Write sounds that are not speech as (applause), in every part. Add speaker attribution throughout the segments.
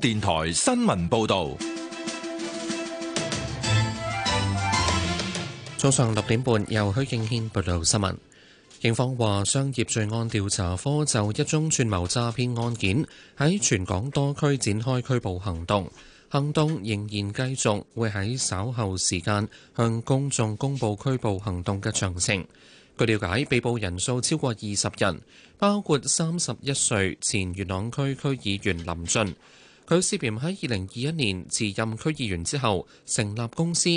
Speaker 1: 電台新聞報道，
Speaker 2: 早上六點半由許敬軒報道新聞。警方話，商業罪案調查科就一宗串謀詐騙案件喺全港多區展開拘捕行動，行動仍然繼續，會喺稍後時間向公眾公布拘捕行動嘅詳情。據了解，被捕人數超過二十人，包括三十一歲前元朗區區議員林俊。佢涉嫌喺二零二一年辭任區議員之後成立公司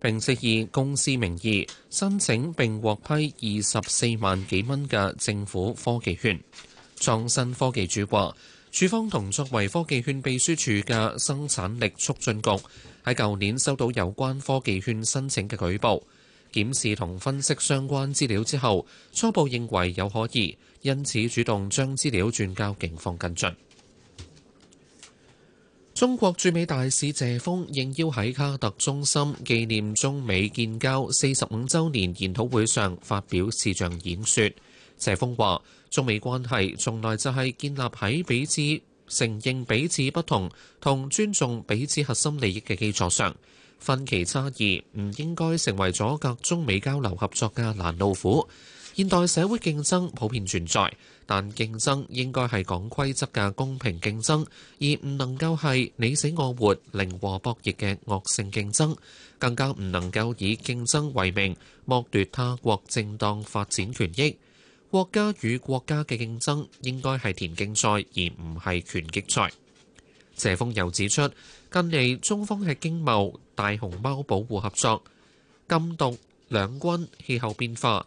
Speaker 2: 並並以公司名義申請並獲批二十四萬幾蚊嘅政府科技券。創新科技署話，署方同作為科技券秘書處嘅生產力促進局喺舊年收到有關科技券申請嘅舉報，檢視同分析相關資料之後初步認為有可疑，因此主動將資料轉交警方跟進。中國駐美大使謝鋒應邀喺卡特中心紀念中美建交四十五周年研討會上發表視像演說。謝鋒話：中美關係從來就係建立喺彼此承認彼此不同同尊重彼此核心利益嘅基礎上，分歧差異唔應該成為阻隔中美交流合作嘅攔路虎。現代社會競爭普遍存在。但競爭應該係講規則嘅公平競爭，而唔能夠係你死我活、零和博弈嘅惡性競爭，更加唔能夠以競爭為名剝奪他國正當發展權益。國家與國家嘅競爭應該係田徑賽而唔係拳擊賽。謝鋒又指出，近嚟中方係經貿、大熊貓保護合作、禁毒、兩軍、氣候變化、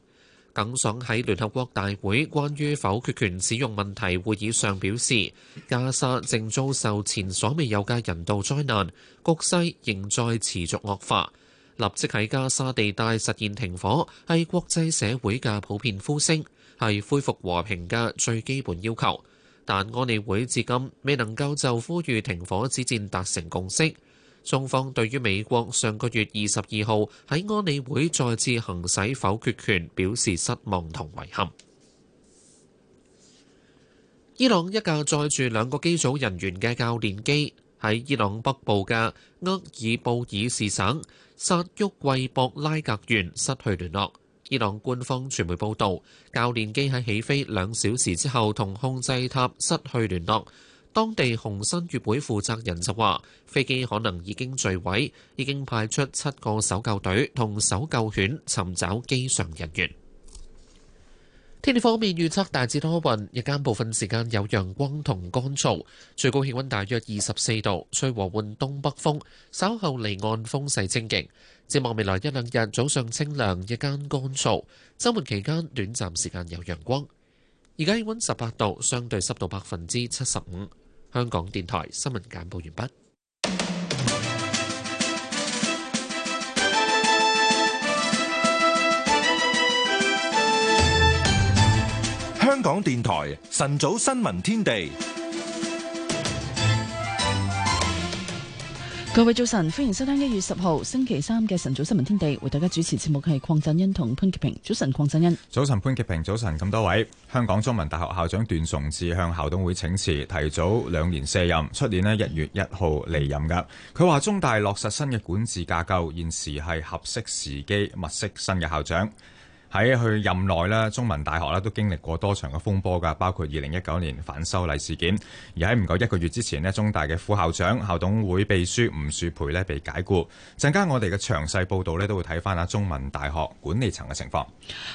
Speaker 2: 耿爽喺聯合國大會關於否決權使用問題會議上表示，加沙正遭受前所未有嘅人道災難，局勢仍在持續惡化。立即喺加沙地帶實現停火係國際社會嘅普遍呼聲，係恢復和平嘅最基本要求。但安理會至今未能夠就呼籲停火止戰達成共識。中方對於美國上個月二十二號喺安理會再次行使否決權表示失望同遺憾。伊朗一架載住兩個機組人員嘅教練機喺伊朗北部嘅厄爾布爾士省薩沃季博拉格縣失去聯絡。伊朗官方傳媒報導，教練機喺起飛兩小時之後同控制塔失去聯絡。當地紅新月會負責人就話，飛機可能已經墜毀，已經派出七個搜救隊同搜救犬尋找機上人員。天氣方面預測大致多雲，日間部分時間有陽光同乾燥，最高氣溫大約二十四度，吹和緩東北風，稍後離岸風勢清勁。展望未來一兩日早上清涼，日間乾燥，周末期間短暫時間有陽光。而家氣溫十八度，相對濕度百分之七十五。香港電台新聞簡報完畢。
Speaker 1: 香港電台晨早新聞天地。
Speaker 3: 各位早晨，歡迎收聽一月十號星期三嘅晨早新聞天地，為大家主持節目嘅係鄺振恩同潘潔平。早晨，鄺振恩。
Speaker 4: 早晨，潘潔平。早晨，咁多位。香港中文大學校長段崇智向校董會請辭，提早兩年卸任，出年呢一月一號離任㗎。佢話中大落實新嘅管治架構，現時係合適時機，物色新嘅校長。喺佢任內咧，中文大學咧都經歷過多場嘅風波㗎，包括二零一九年反修例事件。而喺唔夠一個月之前咧，中大嘅副校長、校董會秘書吳樹培咧被解僱。陣間我哋嘅詳細報導咧都會睇翻下中文大學管理層嘅情況。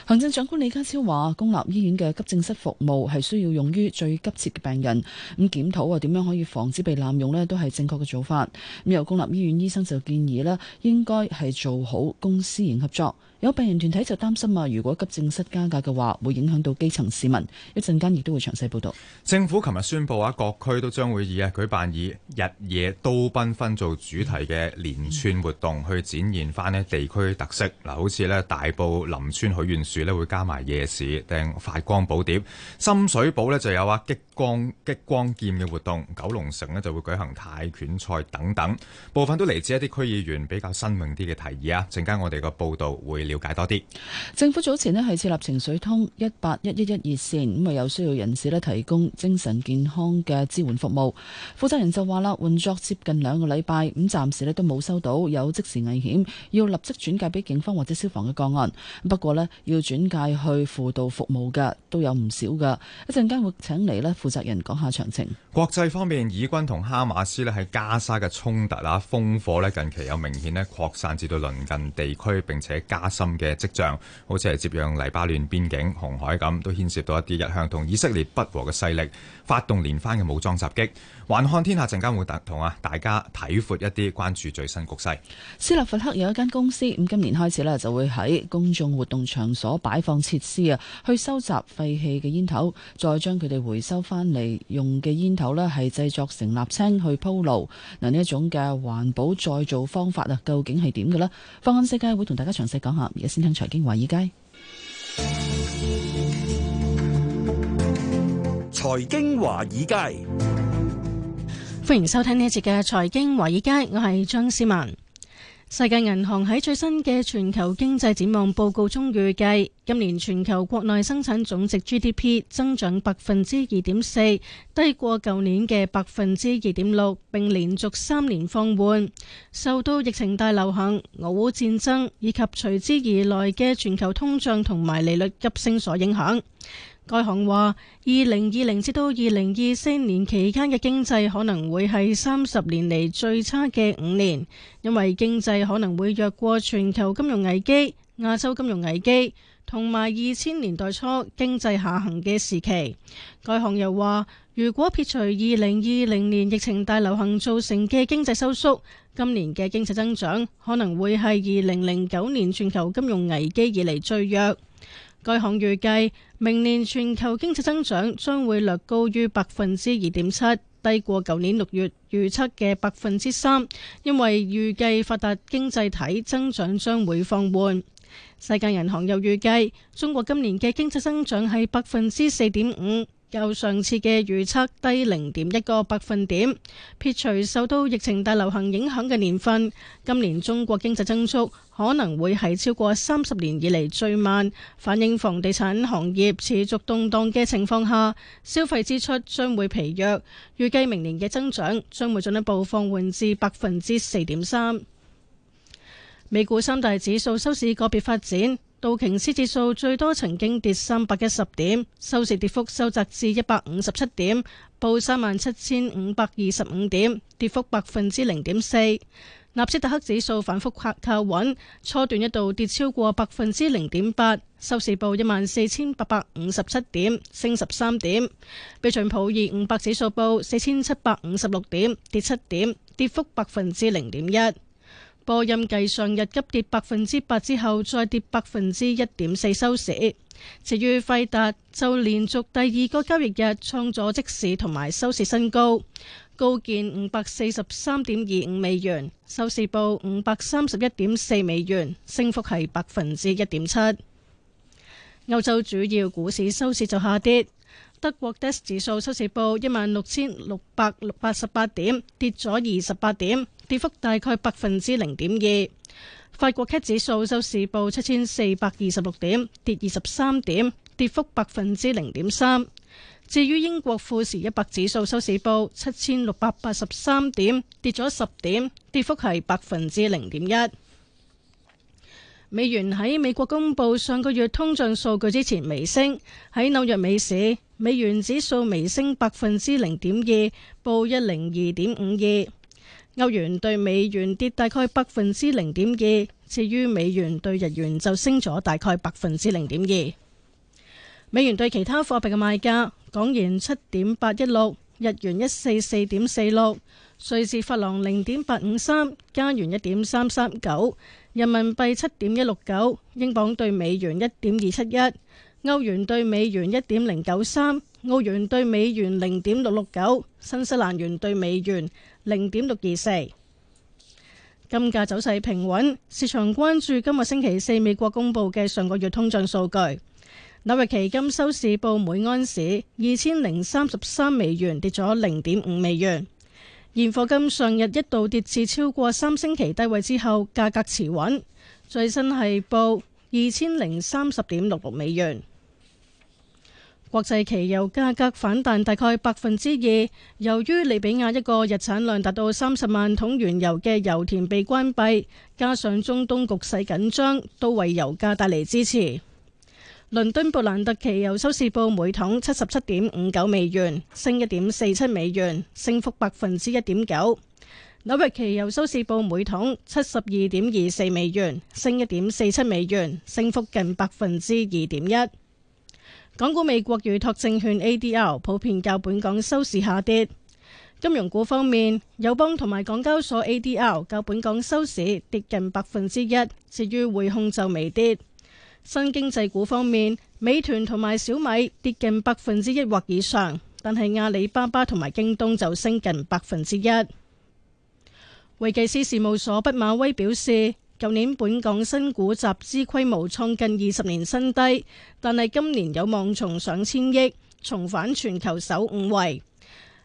Speaker 3: 行政長官李家超話，公立醫院嘅急症室服務係需要用於最急切嘅病人，咁檢討啊點樣可以防止被濫用咧，都係正確嘅做法。咁由公立醫院醫生就建議啦，應該係做好公私營合作。有病人團體就擔心啊，如果急症室加價嘅話，會影響到基層市民。一陣間亦都會詳細報道。政
Speaker 4: 府琴日宣布啊，各區都將會以、啊、舉辦以日夜都繽紛做主題嘅連串活動，嗯、去展現翻咧地區特色。嗱，好似咧大埔林村許願樹咧會加埋夜市，定發光寶碟；深水埗咧就有啊激光激光劍嘅活動；九龍城咧就會舉行泰拳賽等等。部分都嚟自一啲區議員比較新穎啲嘅提議啊。陣間我哋個報道會。了解多啲。
Speaker 3: 政府早前咧係設立情緒通一八一一一熱線，咁啊有需要人士咧提供精神健康嘅支援服務。負責人就話啦，運作接近兩個禮拜，咁暫時咧都冇收到有即時危險，要立即轉介俾警方或者消防嘅個案。不過咧要轉介去輔導服務嘅都有唔少嘅。一陣間會請嚟咧負責人講下詳情。
Speaker 4: 國際方面，以軍同哈馬斯咧喺加沙嘅衝突啊，烽火咧近期有明顯咧擴散至到鄰近地區，並且加心嘅跡象，好似係接壤黎巴嫩邊境、紅海咁，都牽涉到一啲一向同以色列不和嘅勢力發動連番嘅武裝襲擊。環漢天下陣間會同啊大家睇闊一啲，關注
Speaker 3: 最新局勢。斯洛伐克有一間公司，咁今年開始咧就會喺公眾活動場所擺放設施啊，去收集廢棄嘅煙頭，再將佢哋回收翻嚟用嘅煙頭咧係製作成瀝青去鋪路。嗱，呢一種嘅環保再造方法啊，究竟係點嘅咧？放眼世界會同大家詳細講下。而家先聽財經華爾街，
Speaker 5: 財經華爾街。
Speaker 6: 歡迎收聽呢一節嘅財經華爾街，我係張思文。世界銀行喺最新嘅全球經濟展望報告中預計，今年全球國內生產總值 GDP 增長百分之二點四，低過舊年嘅百分之二點六，並連續三年放緩，受到疫情大流行、俄烏戰爭以及隨之而來嘅全球通脹同埋利率急升所影響。該行話，二零二零至到二零二四年期間嘅經濟可能會係三十年嚟最差嘅五年，因為經濟可能會弱過全球金融危機、亞洲金融危機，同埋二千年代初經濟下行嘅時期。該行又話，如果撇除二零二零年疫情大流行造成嘅經濟收縮，今年嘅經濟增長可能會係二零零九年全球金融危機以嚟最弱。該行預計明年全球經濟增長將會略高於百分之二點七，低過舊年六月預測嘅百分之三，因為預計發達經濟體增長將會放緩。世界銀行又預計中國今年嘅經濟增長係百分之四點五。較上次嘅預測低零點一個百分點，撇除受到疫情大流行影響嘅年份，今年中國經濟增速可能會係超過三十年以嚟最慢。反映房地產行業持續動盪嘅情況下，消費支出將會疲弱，預計明年嘅增長將會進一步放緩至百分之四點三。美股三大指數收市個別發展。道瓊斯指數最多曾經跌三百一十點，收市跌幅收窄至一百五十七點，報三萬七千五百二十五點，跌幅百分之零點四。納斯達克指數反復客靠穩，初段一度跌超過百分之零點八，收市報一萬四千八百五十七點，升十三點。標準普爾五百指數報四千七百五十六點，跌七點，跌幅百分之零點一。波音計上日急跌百分之八之後，再跌百分之一點四收市。至於費達，就連續第二個交易日創咗即市同埋收市新高，高見五百四十三點二五美元，收市報五百三十一點四美元，升幅係百分之一點七。歐洲主要股市收市就下跌。德國 DAX 指數收市報一萬六千六百八十八點，跌咗二十八點，跌幅大概百分之零點二。法國 CAC 指數收市報七千四百二十六點，跌二十三點，跌幅百分之零點三。至於英國富時一百指數收市報七千六百八十三點，跌咗十點，跌幅係百分之零點一。美元喺美國公布上個月通脹數據之前微升，喺紐約美市，美元指數微升百分之零點二，報一零二點五二。歐元對美元跌大概百分之零點二，至於美元對日元就升咗大概百分之零點二。美元對其他貨幣嘅賣價：港元七點八一六，日元一四四點四六。瑞士法郎零點八五三，加元一點三三九，人民幣七點一六九，英鎊兌美元一點二七一，歐元兌美元一點零九三，澳元兌美元零點六六九，新西蘭元兌美元零點六二四。金價走勢平穩，市場關注今日星期四美國公佈嘅上個月通脹數據。紐約期金收市報每安士二千零三十三美元，跌咗零點五美元。現貨金上日一度跌至超過三星期低位之後，價格持穩，最新係報二千零三十點六六美元。國際期油價格反彈大概百分之二，由於利比亞一個日產量達到三十萬桶原油嘅油田被關閉，加上中東局勢緊張，都為油價帶嚟支持。倫敦布蘭特期油收市報每桶七十七點五九美元，升一點四七美元，升幅百分之一點九。紐約期油收市報每桶七十二點二四美元，升一點四七美元，升幅近百分之二點一。港股美國預託證券 A D R 普遍較本港收市下跌。金融股方面，友邦同埋港交所 A D R 較本港收市跌近百分之一，至於匯控就微跌。新經濟股方面，美團同埋小米跌近百分之一或以上，但係阿里巴巴同埋京東就升近百分之一。會計師事務所畢馬威表示，舊年本港新股集資規模創近二十年新低，但係今年有望重上千億，重返全球首五位。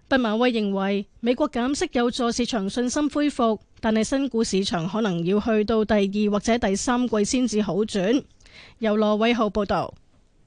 Speaker 6: 畢馬威認為，美國減息有助市場信心恢復，但係新股市場可能要去到第二或者第三季先至好轉。由羅偉浩報道，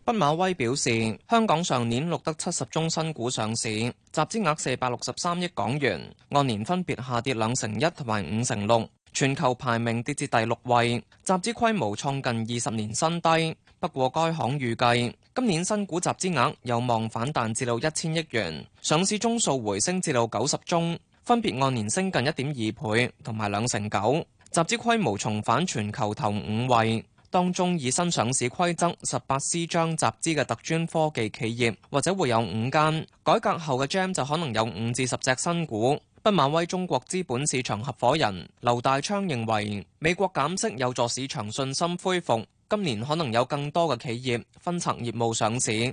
Speaker 7: 畢馬威表示，香港上年錄得七十宗新股上市，集資額四百六十三億港元，按年分別下跌兩成一同埋五成六，全球排名跌至第六位，集資規模創近二十年新低。不過，該行預計今年新股集資額有望反彈至到一千億元，上市宗數回升至到九十宗，分別按年升近一點二倍同埋兩成九，集資規模重返全球頭五位。當中以新上市規則十八 C 章集資嘅特專科技企業，或者會有五間。改革後嘅 GEM 就可能有五至十隻新股。不馬威中國資本市場合夥人劉大昌認為，美國減息有助市場信心恢復，今年可能有更多嘅企業分層業務上市。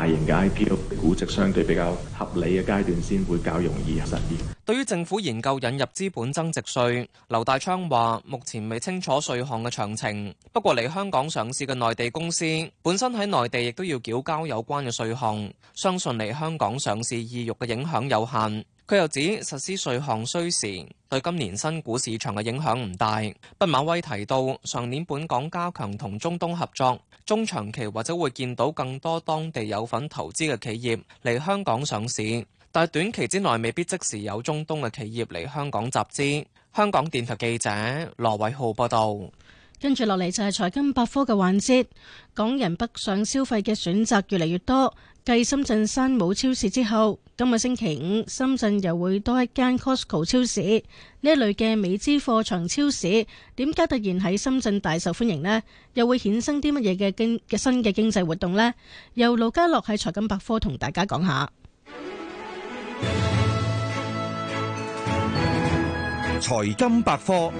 Speaker 8: 大型嘅 IPO 估值，相對比較合理嘅階段，先會較容易實
Speaker 7: 現。對於政府研究引入資本增值稅，劉大昌話目前未清楚稅項嘅詳情，不過嚟香港上市嘅內地公司，本身喺內地亦都要繳交有關嘅稅項，相信嚟香港上市意欲嘅影響有限。佢又指實施稅項需時，對今年新股市場嘅影響唔大。畢馬威提到，上年本港加強同中東合作。中長期或者會見到更多當地有份投資嘅企業嚟香港上市，但係短期之內未必即時有中東嘅企業嚟香港集資。香港電台記者羅偉浩報道。
Speaker 6: 跟住落嚟就係財金百科嘅環節，港人北上消費嘅選擇越嚟越多。繼深圳山姆超市之後，今日星期五深圳又會多一間 Costco 超市，呢一類嘅美資貨場超市，點解突然喺深圳大受歡迎呢？又會衍生啲乜嘢嘅經嘅新嘅經濟活動呢？由盧家樂喺財金百科同大家講下。
Speaker 5: 財金百科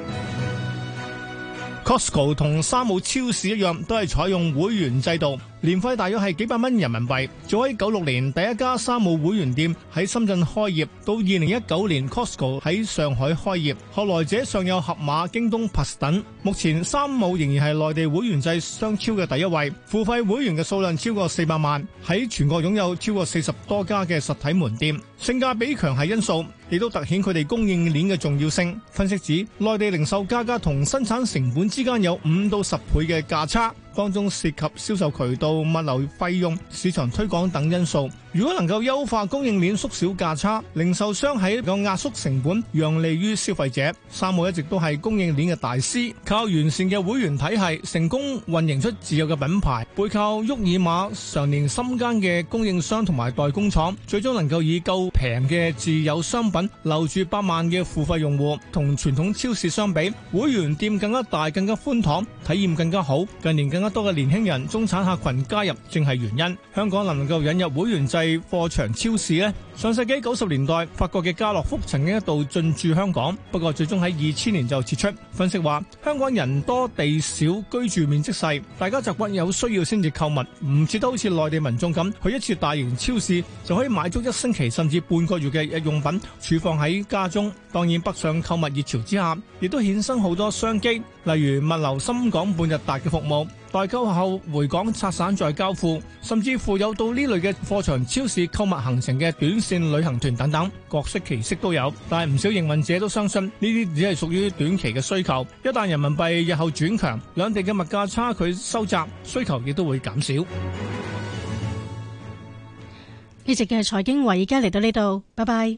Speaker 9: ，Costco 同山姆超市一樣，都係採用會員制度。年費大約係幾百蚊人民幣。早喺九六年第一家山姆會員店喺深圳開業，到二零一九年 Costco 喺上海開業，後來者尚有盒馬、京東 Plus 等。目前山姆仍然係內地會員制商超嘅第一位，付費會員嘅數量超過四百萬，喺全國擁有超過四十多家嘅實體門店。性價比強係因素，亦都突顯佢哋供應鏈嘅重要性。分析指，內地零售價格同生產成本之間有五到十倍嘅價差。當中涉及銷售渠道、物流費用、市場推廣等因素。如果能夠優化供應鏈、縮小價差，零售商喺度壓縮成本，讓利於消費者。三毛一直都係供應鏈嘅大師，靠完善嘅會員體系，成功運營出自有嘅品牌。背靠沃爾瑪，常年深耕嘅供應商同埋代工廠，最終能夠以夠平嘅自有商品留住百萬嘅付費用戶。同傳統超市相比，會員店更加大、更加寬敞，體驗更加好。近年更加多嘅年輕人、中產客群加入，正係原因。香港能夠引入會員制。係貨場超市呢？上世紀九十年代，法國嘅家樂福曾經一度進駐香港，不過最終喺二千年就撤出。分析話，香港人多地少，居住面積細，大家習慣有需要先至購物，唔似得好似內地民眾咁，去一次大型超市就可以買足一星期甚至半個月嘅日用品，儲放喺家中。當然，北上購物熱潮之下，亦都衍生好多商機，例如物流深港半日達嘅服務。代購後回港拆散再交付，甚至乎有到呢類嘅貨場、超市購物行程嘅短線旅行團等等，各式其式都有。但係唔少營運者都相信呢啲只係屬於短期嘅需求，一旦人民幣日後轉強，兩地嘅物價差距收窄，需求亦都會減
Speaker 7: 少。
Speaker 6: 呢集嘅財經話，而家嚟到呢度，拜拜。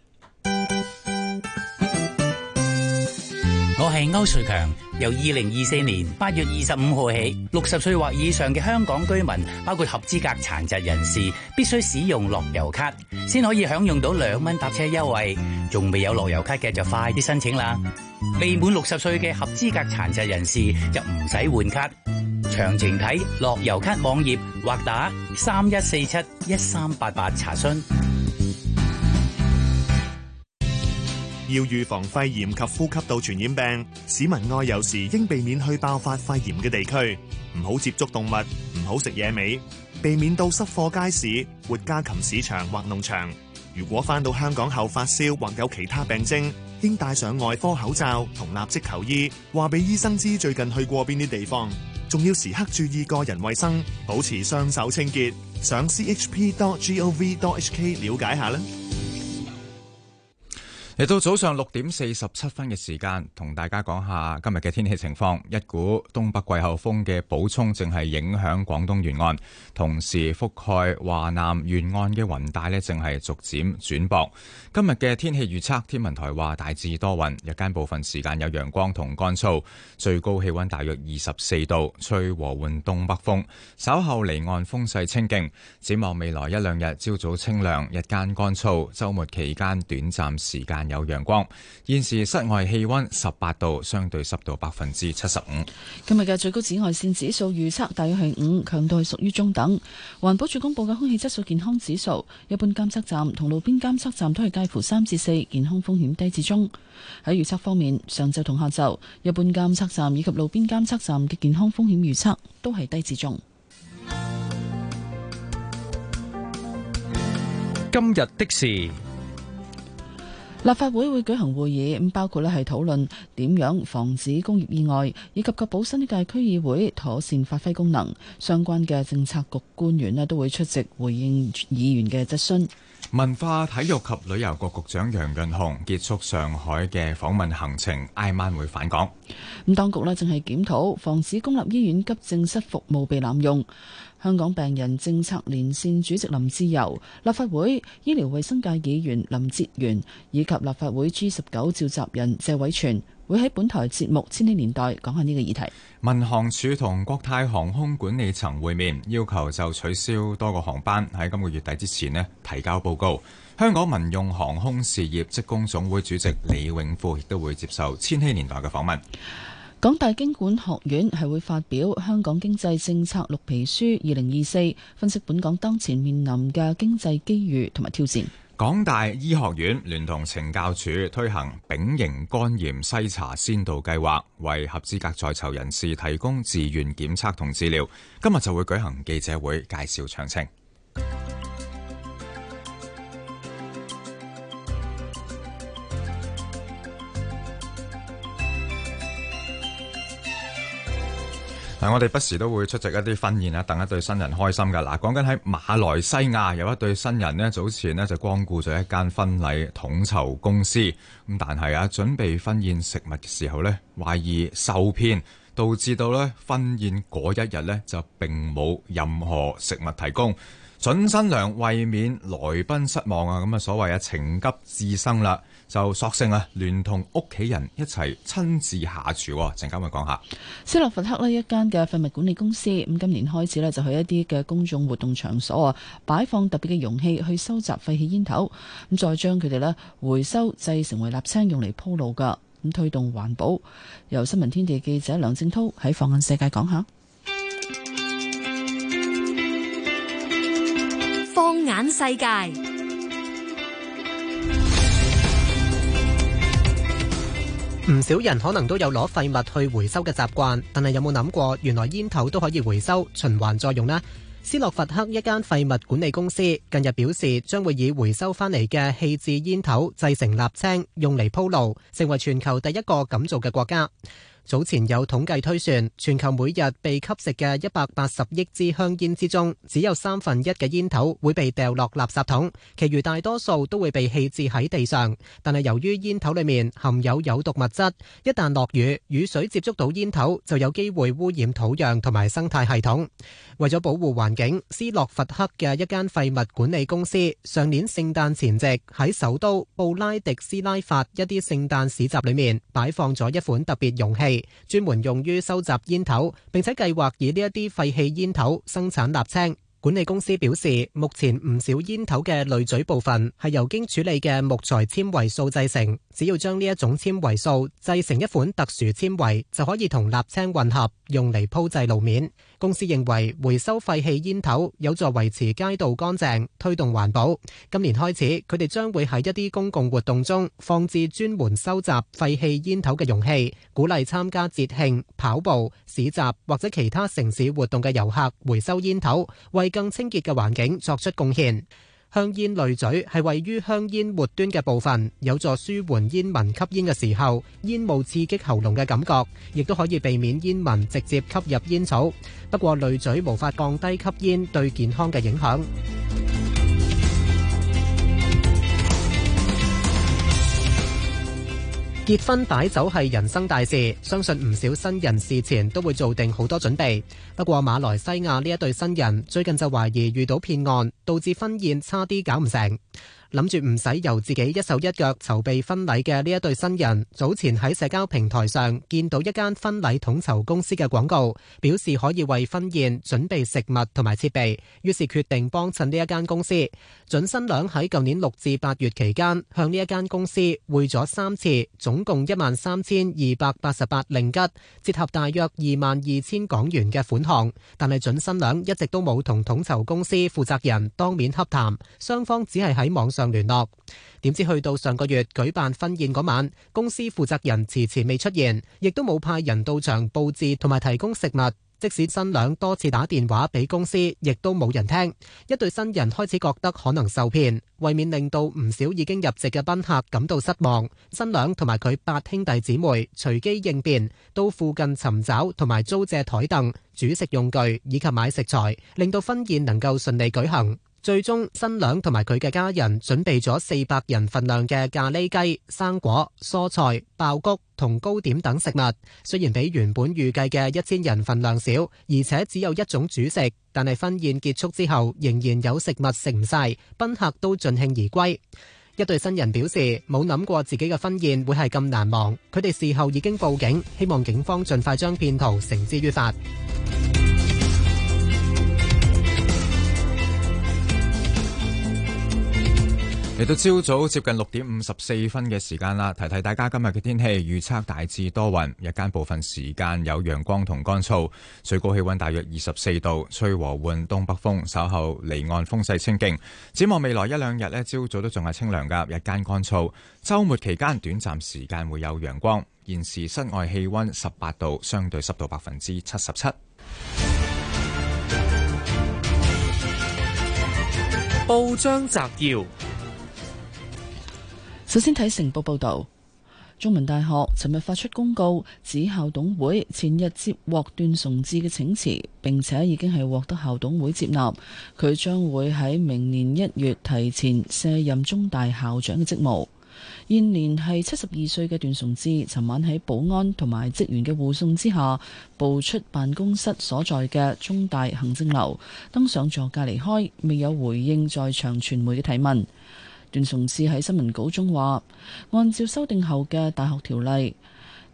Speaker 7: 我係歐瑞強。由二零二四年八月二十五號起，六十歲或以上嘅香港居民，包括合資格殘疾人士，必須使用樂悠卡，先可以享用到兩蚊搭車優惠。仲未有樂悠卡嘅就快啲申請啦。未滿六十歲嘅合資格殘疾人士就唔使換卡。詳情睇樂悠卡網頁，或打三一四七一三八八查詢。
Speaker 9: 要預防肺炎及呼吸道傳染病，市民外遊時應避免去爆發肺炎嘅地區，唔好接觸動物，唔好食野味，避免到濕貨街市、活家禽市場或農場。如果翻到香港後發燒或有其他病徵，應戴上外科口罩同立即求醫，話俾醫生知最近去過邊啲地方。仲要時刻注意個人衛生，保持
Speaker 4: 雙手清潔。上 chp.gov.hk 了解下啦。嚟到早上六點四十七分嘅時間，同大家講下今日嘅天氣情況。一股東北季候風嘅補充正係影響廣東沿岸，同時覆蓋華南沿岸嘅雲帶呢正係逐漸轉薄。今日嘅天氣預測，天文台話大致多雲，日間部分時間有陽光同乾燥，最高氣溫大約二十四度，吹和緩東北風。稍後離岸風勢清勁，展望未來一兩日朝早清涼，日間乾燥，周末期間短暫時，時間。有陽光，現時室外氣溫十八度，相對濕度百分之七十五。
Speaker 3: 今日嘅最高紫外線指數預測大約係五，強度係屬於中等。環保署公布嘅空氣質素健康指數，一般監測站同路邊監測站都係介乎三至四，健康風險低至中。喺預測方面，上晝同下晝一般監測站以及路邊監測站嘅健康風險預測都係低至中。
Speaker 8: 今日的事。
Speaker 3: 立法會會舉行會議，咁包括咧，係討論點樣防止工業意外，以及確保新一屆區議會妥善發揮功能。相關嘅政策局官員咧，都會出席回應議員嘅質詢。
Speaker 4: 文化體育及旅遊局局局長楊潤雄結束上海嘅訪問行程，挨晚會返港。
Speaker 3: 咁當局咧，正係檢討防止公立醫院急症室服務被濫用。香港病人政策連線主席林志由、立法會醫療衛生界議員林哲源以及立法會 G 十九召集人謝偉全會喺本台節目《千禧年代》講下呢個議題。
Speaker 4: 民航處同國泰航空管理層會面，要求就取消多個航班喺今個月底之前呢提交報告。香港民用航空事業職工總會主席李永富亦都會接受《千禧年代》嘅訪問。
Speaker 3: 港大經管學院係會發表《香港經濟政策綠皮書》二零二四，分析本港當前面臨嘅經濟機遇同埋挑戰。
Speaker 4: 港大醫學院聯同懲教署推行丙型肝炎篩查先導計劃，為合資格在囚人士提供自願檢測同治療。今日就會舉行記者會介紹詳情。嗱、嗯，我哋不時都會出席一啲婚宴啦，等一對新人開心噶。嗱、啊，講緊喺馬來西亞有一對新人咧，早前咧就光顧咗一間婚禮統籌公司，咁但係啊，準備婚宴食物嘅時候咧，懷疑受騙，導致到咧婚宴嗰一日咧就並冇任何食物提供。準新娘為免來賓失望啊，咁啊所謂啊情急智生啦，就索性啊聯同屋企人一齊親自下廚啊。陣間咪講下，
Speaker 3: 斯洛伐克呢一間嘅廢物管理公司，咁今年開始咧就去一啲嘅公眾活動場所啊擺放特別嘅容器去收集廢棄煙頭，咁再將佢哋咧回收製成為瀝青用嚟鋪路噶，咁推動環保。由新聞天地記者梁正濤喺放眼世界講下。
Speaker 5: 世界
Speaker 10: 唔少人可能都有攞廢物去回收嘅習慣，但係有冇諗過原來煙頭都可以回收循環再用呢？斯洛伐克一間廢物管理公司近日表示，將會以回收翻嚟嘅棄置煙頭製成瀝青，用嚟鋪路，成為全球第一個咁做嘅國家。早前有統計推算，全球每日被吸食嘅一百八十億支香煙之中，只有三分一嘅煙頭會被掉落垃圾桶，其餘大多數都會被棄置喺地上。但係由於煙頭裡面含有有毒物質，一旦落雨，雨水接觸到煙頭就有機會污染土壤同埋生態系統。為咗保護環境，斯洛伐克嘅一間廢物管理公司上年聖誕前夕喺首都布拉迪斯拉法一啲聖誕市集裏面擺放咗一款特別容器，專門用於收集煙頭，並且計劃以呢一啲廢棄煙頭生產瀝青。管理公司表示，目前唔少煙頭嘅濾嘴部分係由經處理嘅木材纖維素製成，只要將呢一種纖維素製成一款特殊纖維，就可以同瀝青混合。用嚟鋪製路面。公司認為回收廢棄煙頭有助維持街道乾淨，推動環保。今年開始，佢哋將會喺一啲公共活動中放置專門收集廢棄煙頭嘅容器，鼓勵參加節慶、跑步、市集或者其他城市活動嘅遊客回收煙頭，為更清潔嘅環境作出貢獻。香煙濾嘴係位於香煙末端嘅部分，有助舒緩煙民吸煙嘅時候煙霧刺激喉嚨嘅感覺，亦都可以避免煙民直接吸入煙草。不過濾嘴無法降低吸煙對健康嘅影響。結婚擺酒係人生大事，相信唔少新人事前都會做定好多準備。不過馬來西亞呢一對新人最近就懷疑遇到騙案，導致婚宴差啲搞唔成。諗住唔使由自己一手一腳籌備婚禮嘅呢一對新人，早前喺社交平台上見到一間婚禮統籌公司嘅廣告，表示可以為婚宴準備食物同埋設備，於是決定幫襯呢一間公司。準新娘喺舊年六至八月期間，向呢一間公司匯咗三次，總共一萬三千二百八十八令吉，折合大約二萬二千港元嘅款項。但係準新娘一直都冇同統籌公司負責人當面洽談，雙方只係喺網上聯絡，點知去到上個月舉辦婚宴嗰晚，公司負責人遲遲未出現，亦都冇派人到場佈置同埋提供食物。即使新娘多次打電話俾公司，亦都冇人聽。一對新人開始覺得可能受騙，為免令到唔少已經入席嘅賓客感到失望，新娘同埋佢八兄弟姊妹隨機應變，到附近尋找同埋租借台凳、煮食用具以及買食材，令到婚宴能夠順利舉行。最終，新娘同埋佢嘅家人準備咗四百人份量嘅咖喱雞、生果、蔬菜、爆谷同糕點等食物。雖然比原本預計嘅一千人份量少，而且只有一種主食，但係婚宴結束之後仍然有食物食唔晒，賓客都盡興而歸。一對新人表示冇諗過自己嘅婚宴會係咁難忘。佢哋事後已經報警，希望警方盡快將騙徒繩之於法。
Speaker 4: 嚟到朝早接近六點五十四分嘅時間啦，提提大家今日嘅天氣預測大致多雲，日間部分時間有陽光同乾燥，最高氣溫大約二十四度，吹和緩東北風，稍後離岸風勢清勁。展望未來一兩日呢，朝早都仲係清涼噶，日間乾燥。周末期間短暫時間會有陽光。現時室外氣溫十八度，相對濕度百分之七十七。報章摘要。
Speaker 3: 首先睇《成報》報道，中文大學尋日發出公告，指校董會前日接獲段崇智嘅請辭，並且已經係獲得校董會接納，佢將會喺明年一月提前卸任中大校長嘅職務。現年係七十二歲嘅段崇智，尋晚喺保安同埋職員嘅護送之下，步出辦公室所在嘅中大行政樓，登上座駕離開，未有回應在場傳媒嘅提問。段崇智喺新聞稿中話：按照修訂後嘅大學條例，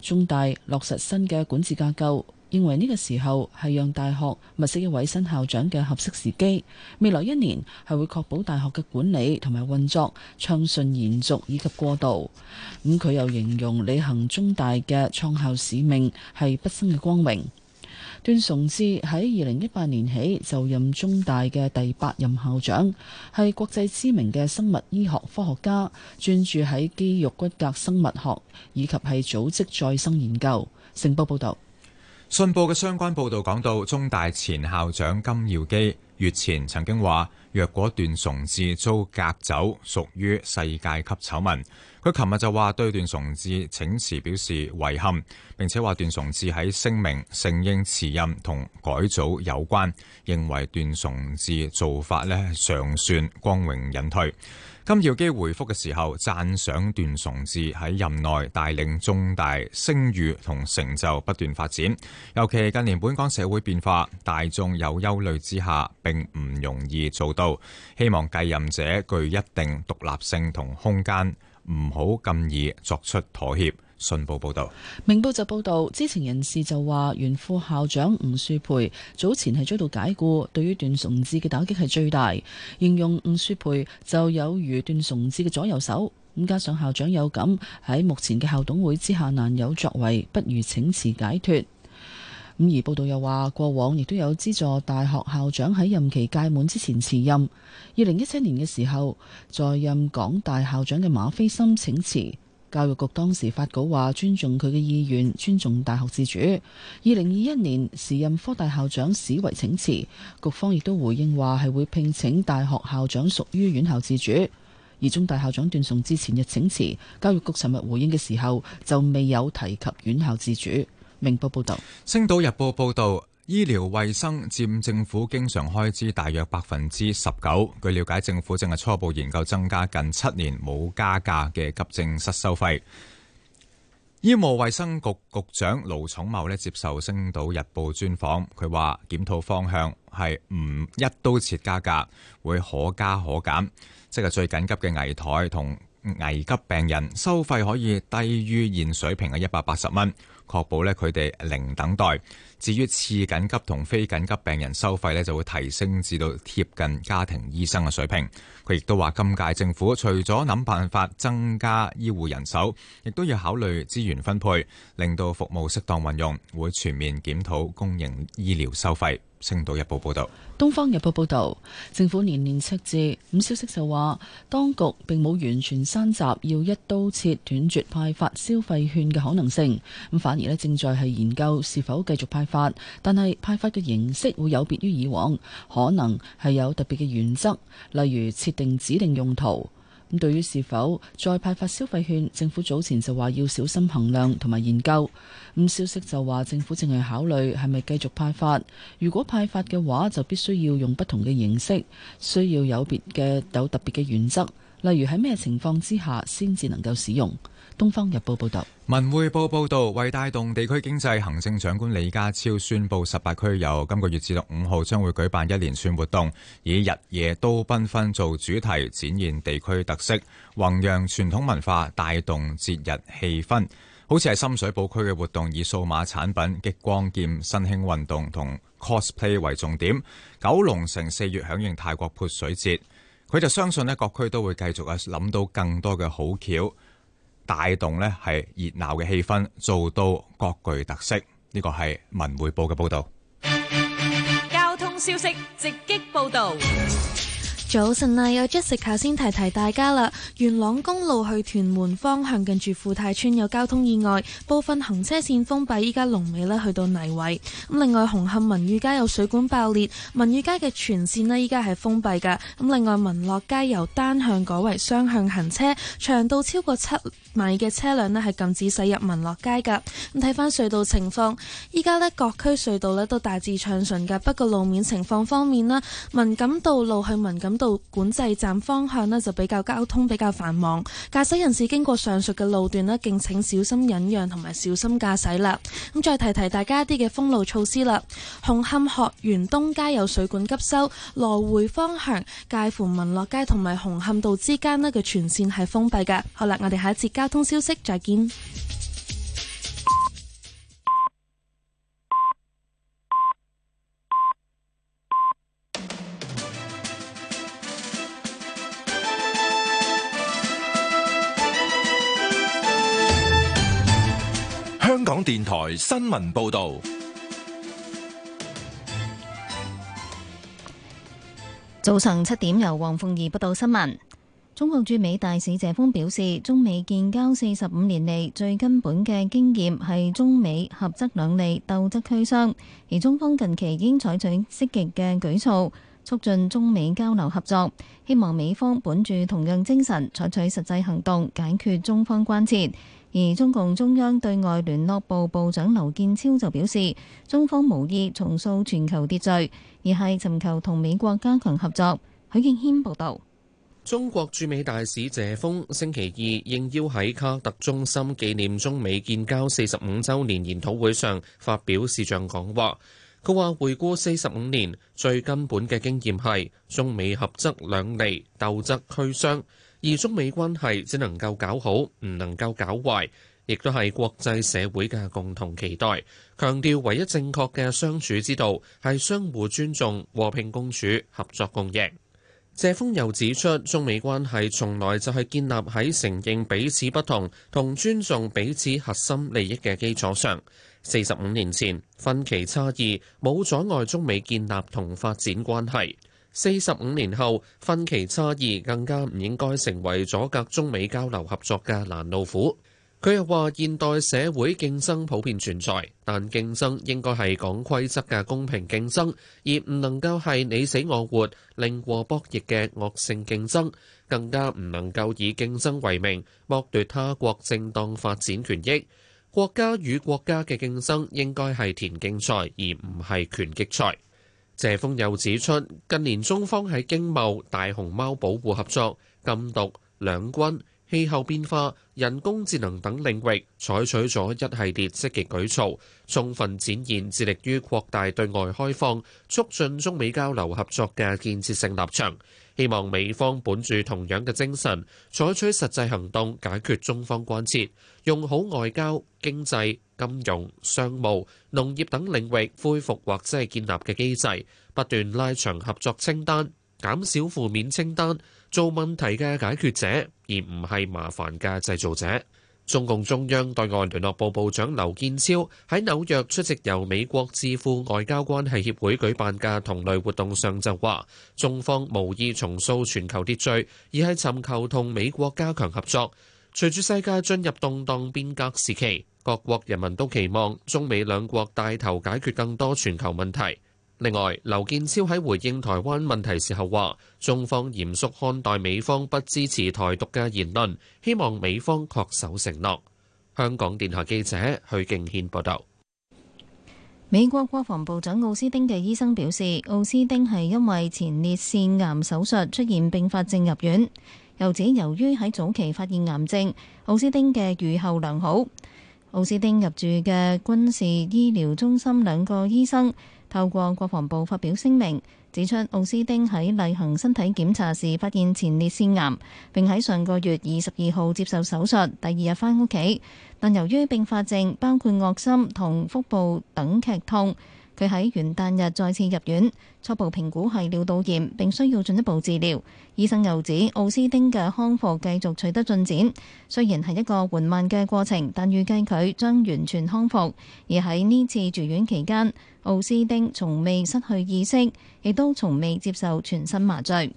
Speaker 3: 中大落實新嘅管治架構，認為呢個時候係讓大學物色一位新校長嘅合適時機。未來一年係會確保大學嘅管理同埋運作暢順延續以及過渡。咁、嗯、佢又形容履行中大嘅創校使命係畢生嘅光榮。段崇智喺二零一八年起就任中大嘅第八任校長，係國際知名嘅生物醫學科學家，專注喺肌肉骨骼生物學以及係組織再生研究。成報報道，
Speaker 4: 信報嘅相關報道講到，中大前校長金耀基月前曾經話，若果段崇智遭隔走屬於世界級醜聞。佢琴日就話對段崇智請辭表示遺憾，並且話段崇智喺聲明承認辭任同改組有關，認為段崇智做法咧尚算光榮引退。金耀基回覆嘅時候讚賞段崇智喺任內帶領中大聲譽同成就不斷發展，尤其近年本港社會變化，大眾有憂慮之下，並唔容易做到。希望繼任者具一定獨立性同空間。唔好咁易作出妥協。信報報道，
Speaker 3: 明報就報導，知情人士就話，原副校長吳樹培早前係遭到解雇，對於段崇智嘅打擊係最大，形容吳樹培就有如段崇智嘅左右手。咁加上校長有感，喺目前嘅校董會之下難有作為，不如請辭解脫。咁而報道又話，過往亦都有資助大學校長喺任期屆滿之前辭任。二零一七年嘅時候，在任港大校長嘅馬斐森請辭，教育局當時發稿話尊重佢嘅意願，尊重大學自主。二零二一年，時任科大校長史維請辭，局方亦都回應話係會聘請大學校長屬於院校自主。而中大校長段崇智前日請辭，教育局尋日回應嘅時候就未有提及院校自主。明報報道，
Speaker 4: 《星島日報》報道，醫療衛生佔政府經常開支大約百分之十九。據了解，政府正係初步研究增加近七年冇加價嘅急症室收費。醫務衛生局局長盧寵茂咧接受《星島日報》專訪，佢話檢討方向係唔一刀切加價，會可加可減，即係最緊急嘅危殆同危急病人收費可以低於現水平嘅一百八十蚊。確保咧，佢哋零等待。至於次緊急同非緊急病人收費咧，就會提升至到貼近家庭醫生嘅水平。佢亦都話，今屆政府除咗諗辦法增加醫護人手，亦都要考慮資源分配，令到服務適當運用。會全面檢討公營醫療收費。星島日報報道：
Speaker 3: 「東方日報報道，政府年年赤字，咁，消息就話，當局並冇完全刪減要一刀切斷絕派發消費券嘅可能性，咁反而咧正在係研究是否繼續派發，但係派發嘅形式會有別於以往，可能係有特別嘅原則，例如設定指定用途。咁對於是否再派發消費券，政府早前就話要小心衡量同埋研究。咁消息就話政府淨係考慮係咪繼續派發，如果派發嘅話，就必須要用不同嘅形式，需要有別嘅有特別嘅原則，例如喺咩情況之下先至能夠使用。《東方日報》報導，
Speaker 4: 《文匯報》報導，為帶動地區經濟，行政長官李家超宣佈，十八區由今個月至到五號將會舉辦一連串活動，以日夜都繽紛做主題，展現地區特色，弘揚傳統文化，帶動節日氣氛。好似係深水埗區嘅活動，以數碼產品、激光劍、新興運動同 cosplay 為重點。九龍城四月響應泰國潑水節，佢就相信呢，各區都會繼續啊諗到更多嘅好橋。帶動呢係熱鬧嘅氣氛，做到各具特色。呢個係文匯報嘅報道。
Speaker 11: 交通消息直擊報道。早晨啊，有 Jessica 先提提大家啦。元朗公路去屯門方向近住富泰村，有交通意外，部分行車線封閉，依家龍尾呢去到泥圍。咁另外紅磡民裕街有水管爆裂，民裕街嘅全線呢依家係封閉噶。咁另外民樂街由單向改為雙向行車，長度超過七米嘅車輛呢係禁止駛入民樂街噶。咁睇翻隧道情況，依家呢各區隧道呢都大致暢順噶。不過路面情況方面咧，文錦道路去文錦。道管制站方向呢，就比較交通比較繁忙，駕駛人士經過上述嘅路段呢，敬請小心忍讓同埋小心駕駛啦。咁再提提大家一啲嘅封路措施啦。紅磡學園東街有水管急修，來回方向介乎民樂街同埋紅磡道之間呢，嘅全線係封閉嘅。好啦，我哋下一次交通消息再見。
Speaker 1: 香港電台新聞報道，
Speaker 12: 早晨七點由黃鳳儀報道新聞。中國駐美大使謝鋒表示，中美建交四十五年嚟最根本嘅經驗係中美合則兩利，鬥則俱傷。而中方近期已經採取積極嘅舉措，促進中美交流合作。希望美方本住同樣精神，採取實際行動解決中方關切。而中共中央對外聯絡部部長劉建超就表示，中方無意重塑全球秩序，而係尋求同美國加強合作。許敬謙報道。
Speaker 2: 中國駐美大使謝峰星期二應邀喺卡特中心紀念中美建交四十五周年研討會上發表視像講話，佢話回顧四十五年，最根本嘅經驗，係中美合則兩利，鬥則俱傷。而中美關係只能夠搞好，唔能夠搞壞，亦都係國際社會嘅共同期待。強調唯一正確嘅相處之道係相互尊重、和平共處、合作共贏。謝鋒又指出，中美關係從來就係建立喺承認彼此不同同尊重彼此核心利益嘅基礎上。四十五年前，分歧差異冇阻礙中美建立同發展關係。四十五年後，分歧差異更加唔應該成為阻隔中美交流合作嘅攔路虎。佢又話：現代社會競爭普遍存在，但競爭應該係講規則嘅公平競爭，而唔能夠係你死我活、零和博弈嘅惡性競爭。更加唔能夠以競爭為名剝奪他國正當發展權益。國家與國家嘅競爭應該係田徑賽，而唔係拳擊賽。謝鋒又指出，近年中方喺經貿、大熊貓保護合作、禁毒、兩軍、氣候變化、人工智能等領域採取咗一系列積極舉措，充分展現致力於擴大對外開放，促進中美交流合作嘅建設性立場。希望美方本住同樣嘅精神，採取實際行動，解決中方關切，用好外交、經濟、金融、商務、農業等領域恢復或者係建立嘅機制，不斷拉長合作清單，減少負面清單，做問題嘅解決者，而唔係麻煩嘅製造者。中共中央對外聯絡部部長劉建超喺紐約出席由美國智庫外交關係協會舉辦嘅同類活動上就話，中方無意重塑全球秩序，而係尋求同美國加強合作。隨住世界進入動盪變革時期，各國人民都期望中美兩國帶頭解決更多全球問題。另外，劉建超喺回應台灣問題時候話，中方嚴肅看待美方不支持台獨嘅言論，希望美方恪守承諾。香港電台記者許敬軒報道。
Speaker 12: 美國國防部長奧斯丁嘅醫生表示，奧斯丁係因為前列腺癌手術出現併發症入院，又指由於喺早期發現癌症，奧斯丁嘅預後良好。奧斯丁入住嘅軍事醫療中心兩個醫生，透過國防部發表聲明，指出奧斯丁喺例行身體檢查時發現前列腺癌，並喺上個月二十二號接受手術，第二日返屋企，但由於併發症包括噁心同腹部等劇痛。佢喺元旦日再次入院，初步評估係尿道炎，並需要進一步治療，醫生又指，奧斯丁嘅康復繼續取得進展，雖然係一個緩慢嘅過程，但預計佢將完全康復，而喺呢次住院期間，奧斯丁從未失去意識，亦都從未接受全身麻醉。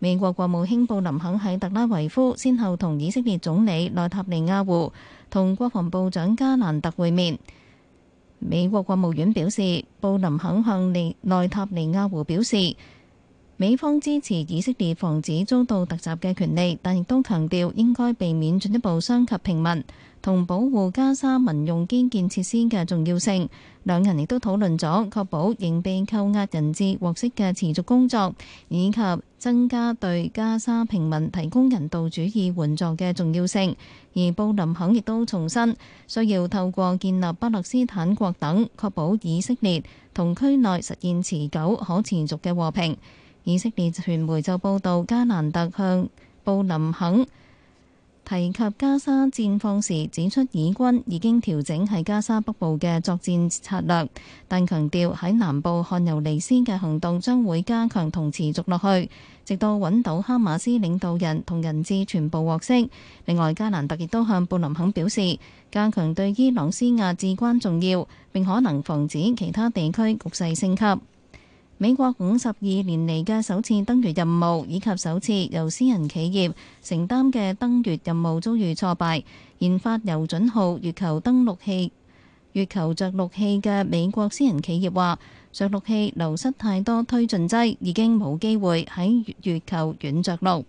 Speaker 12: 美國國務卿布林肯喺特拉維夫先後同以色列總理內塔尼亞胡同國防部長加蘭特會面。美國國務院表示，布林肯向利內塔尼亞胡表示，美方支持以色列防止遭到突襲嘅權利，但亦都強調應該避免進一步傷及平民。同保護加沙民用基建設施嘅重要性，兩人亦都討論咗確保仍被扣押人質獲釋嘅持續工作，以及增加對加沙平民提供人道主義援助嘅重要性。而布林肯亦都重申需要透過建立巴勒斯坦國等，確保以色列同區內實現持久可持續嘅和平。以色列傳媒就報導，加蘭特向布林肯提及加沙戰況時，指出以軍已經調整喺加沙北部嘅作戰策略，但強調喺南部漢尤尼斯嘅行動將會加強同持續落去，直到揾到哈馬斯領導人同人質全部獲釋。另外，加蘭特亦都向布林肯表示，加強對伊朗施壓至關重要，並可能防止其他地區局勢升級。美國五十二年嚟嘅首次登月任務以及首次由私人企業承擔嘅登月任務遭遇挫敗。研發遊隼號月球登陸器、月球着陸器嘅美國私人企業話，着陸器流失太多推進劑，已經冇機會喺月球軟着陸。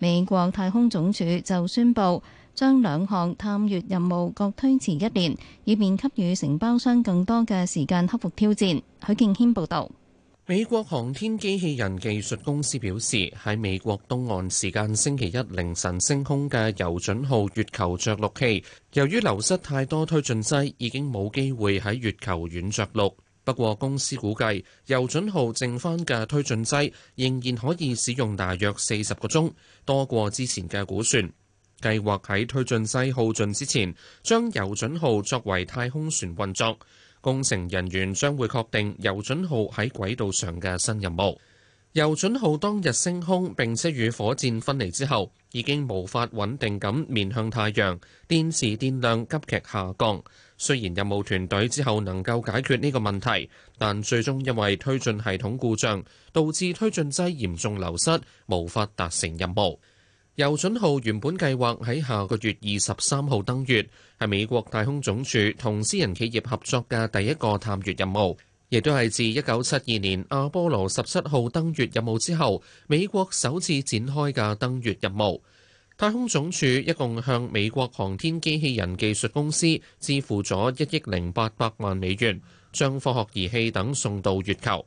Speaker 12: 美國太空總署就宣布將兩項探月任務各推遲一年，以便給予承包商更多嘅時間克服挑戰。許敬軒報導。
Speaker 2: 美國航天機器人技術公司表示，喺美國東岸時間星期一凌晨升空嘅遊隼號月球着陸器，由於流失太多推進劑，已經冇機會喺月球軟着陸。不過，公司估計遊隼號剩翻嘅推進劑仍然可以使用大約四十個鐘，多過之前嘅估算。計劃喺推進劑耗盡之前，將遊隼號作為太空船運作。工程人員將會確定遊隼號喺軌道上嘅新任務。遊隼號當日升空並且與火箭分離之後，已經無法穩定咁面向太陽，電池電量急劇下降。雖然任務團隊之後能夠解決呢個問題，但最終因為推進系統故障，導致推進劑嚴重流失，無法達成任務。遊隼號原本計劃喺下個月二十三號登月，係美國太空總署同私人企業合作嘅第一個探月任務，亦都係自一九七二年阿波羅十七號登月任務之後，美國首次展開嘅登月任務。太空總署一共向美國航天機器人技術公司支付咗一億零八百萬美元，將科學儀器等送到月球。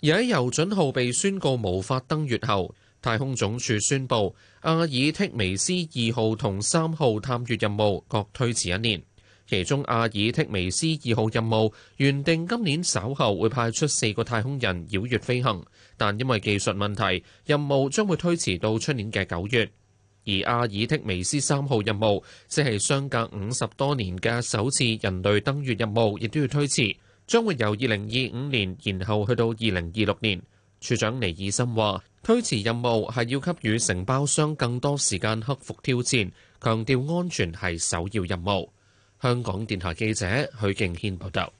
Speaker 2: 而喺遊隼號被宣告無法登月後，太空總署宣布，阿爾忒彌斯二號同三號探月任務各推遲一年。其中，阿爾忒彌斯二號任務原定今年稍後會派出四個太空人繞月飛行，但因為技術問題，任務將會推遲到出年嘅九月。而阿爾忒彌斯三號任務，即係相隔五十多年嘅首次人類登月任務，亦都要推遲，將會由二零二五年，然後去到二零二六年。署長尼爾森話。推遲任務係要給予承包商更多時間克服挑戰，強調安全係首要任務。香港電台記者許敬軒報導。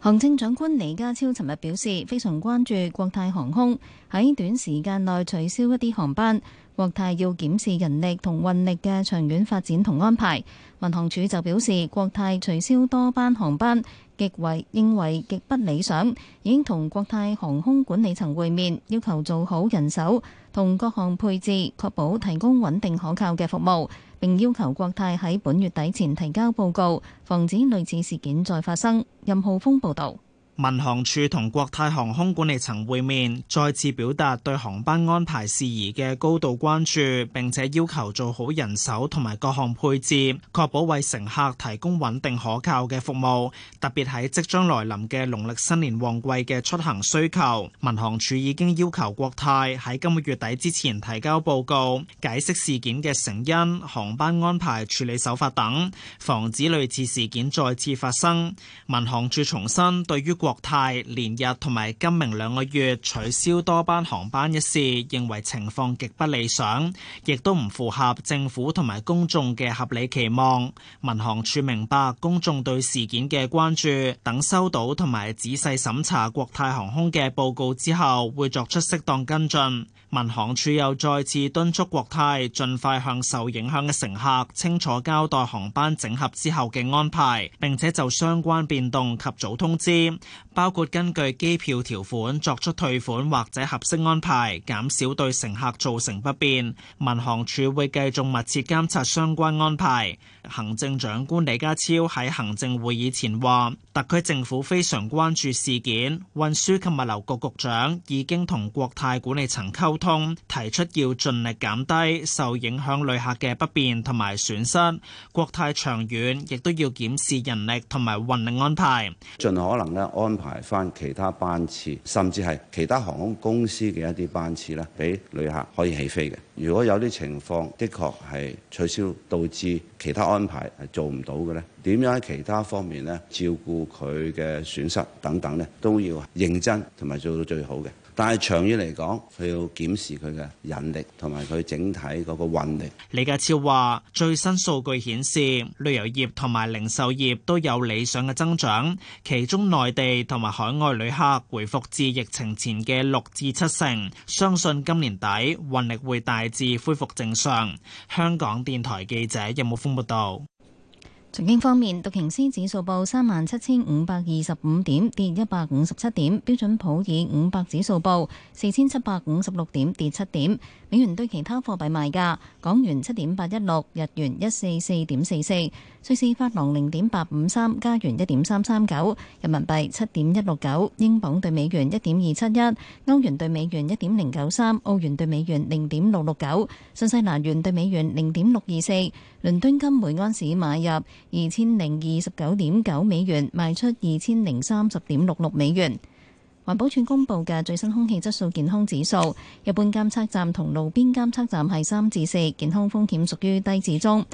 Speaker 12: 行政長官李家超尋日表示，非常關注國泰航空喺短時間內取消一啲航班，國泰要檢視人力同運力嘅長遠發展同安排。民航處就表示，國泰取消多班航班。極為認為極不理想，已經同國泰航空管理層會面，要求做好人手同各項配置，確保提供穩定可靠嘅服務，並要求國泰喺本月底前提交報告，防止類似事件再發生。任浩峰報道。
Speaker 13: 民航處同國泰航空管理層會面，再次表達對航班安排事宜嘅高度關注，並且要求做好人手同埋各項配置，確保為乘客提供穩定可靠嘅服務。特別喺即將來臨嘅農曆新年旺季嘅出行需求，民航處已經要求國泰喺今個月底之前提交報告，解釋事件嘅成因、航班安排處理手法等，防止類似事件再次發生。民航處重申，對於國泰連日同埋今明兩個月取消多班航班一事，認為情況極不理想，亦都唔符合政府同埋公眾嘅合理期望。民航處明白公眾對事件嘅關注，等收到同埋仔細審查國泰航空嘅報告之後，會作出適當跟進。民航處又再次敦促國泰盡快向受影響嘅乘客清楚交代航班整合之後嘅安排，並且就相關變動及早通知，包括根據機票條款作出退款或者合適安排，減少對乘客造成不便。民航處會繼續密切監察相關安排。行政長官李家超喺行政會議前話，特區政府非常關注事件，運輸及物流局局長已經同國泰管理層溝通提出要盡力減低受影響旅客嘅不便同埋損失，國泰長遠亦都要檢視人力同埋運力安
Speaker 14: 排，盡可能咧安排翻其他班次，甚至係其他航空公司嘅一啲班次咧，俾旅客可以起飛嘅。如果有啲情況的確，係取消導致其他安排係做唔到嘅咧，點樣喺其他方面咧照顧佢嘅損失等等咧，都要認真同埋做到最好嘅。但係長遠嚟講，佢要檢視佢嘅引力同埋佢整體嗰個運力。
Speaker 13: 李家超話：最新數據顯示，旅遊業同埋零售業都有理想嘅增長，其中內地同埋海外旅客回復至疫情前嘅六至七成，相信今年底運力會大致恢復正常。香港電台記者任武峰報道。
Speaker 12: 財經方面，道瓊斯指數報三萬七千五百二十五點，跌一百五十七點；標準普爾五百指數報四千七百五十六點，跌七點。美元對其他貨幣賣價，港元七點八一六，日元一四四點四四。瑞士法郎零點八五三，加元一點三三九，人民幣七點一六九，英鎊兌美元一點二七一，歐元兌美元一點零九三，澳元兌美元零點六六九，新西蘭元兌美元零點六二四。倫敦金每安士買入二千零二十九點九美元，賣出二千零三十點六六美元。環保署公布嘅最新空氣質素健康指數，一般監測站同路邊監測站係三至四，健康風險屬於低至中。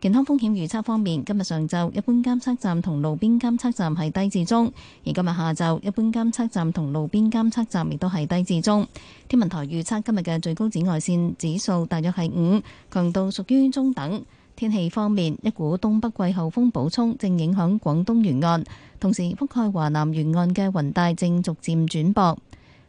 Speaker 12: 健康風險預測方面，今日上晝一般監測站同路邊監測站係低至中，而今日下晝一般監測站同路邊監測站亦都係低至中。天文台預測今日嘅最高紫外線指數大約係五，強度屬於中等。天氣方面，一股東北季候風補充正影響廣東沿岸，同時覆蓋華南沿岸嘅雲帶正逐漸轉薄。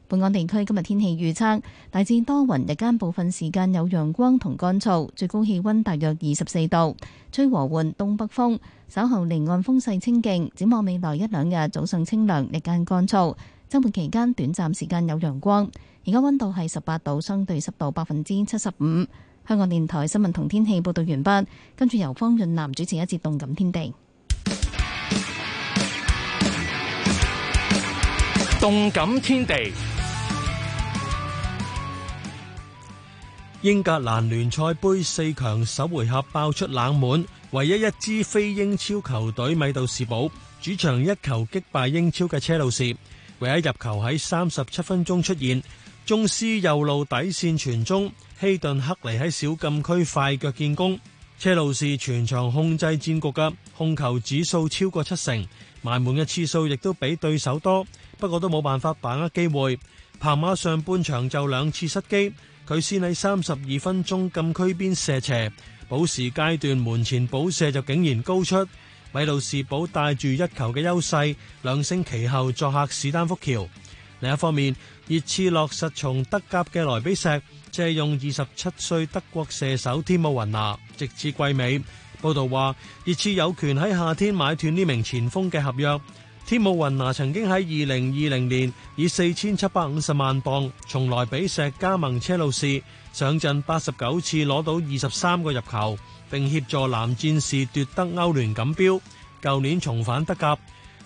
Speaker 12: 本港地區今日天氣預測大致多雲，日間部分時間有陽光同乾燥，最高氣温大約二十四度，吹和緩東北風。稍後離岸風勢清勁，展望未來一兩日早上清涼，日間乾燥。周末期間短暫時間有陽光。而家温度係十八度，相對濕度百分之七十五。香港電台新聞同天氣報道完畢，跟住由方潤南主持一節《動感天地》。
Speaker 5: 《動感天地》英格蘭聯賽盃四強首回合爆出冷門，唯一一支非英超球隊米杜士堡主場一球擊敗英超嘅車路士。唯一入球喺三十七分鐘出現，中斯右路底線傳中，希頓克尼喺小禁區快腳建功。車路士全場控制戰局嘅控球指數超過七成，埋門嘅次數亦都比對手多，不過都冇辦法把握機會。柏馬上半場就兩次失機。佢先喺三十二分鐘禁區邊射斜，補時階段門前補射就竟然高出。米路士堡帶住一球嘅優勢，兩星期後作客史丹福橋。另一方面，熱刺落實從德甲嘅萊比錫借用二十七歲德國射手天姆雲拿，直至季尾。報道話熱刺有權喺夏天買斷呢名前鋒嘅合約。天慕雲拿曾經喺二零二零年以四千七百五十萬鎊從來比錫加盟車路士，上陣八十九次攞到二十三個入球，並協助藍戰士奪得歐聯錦標。舊年重返德甲，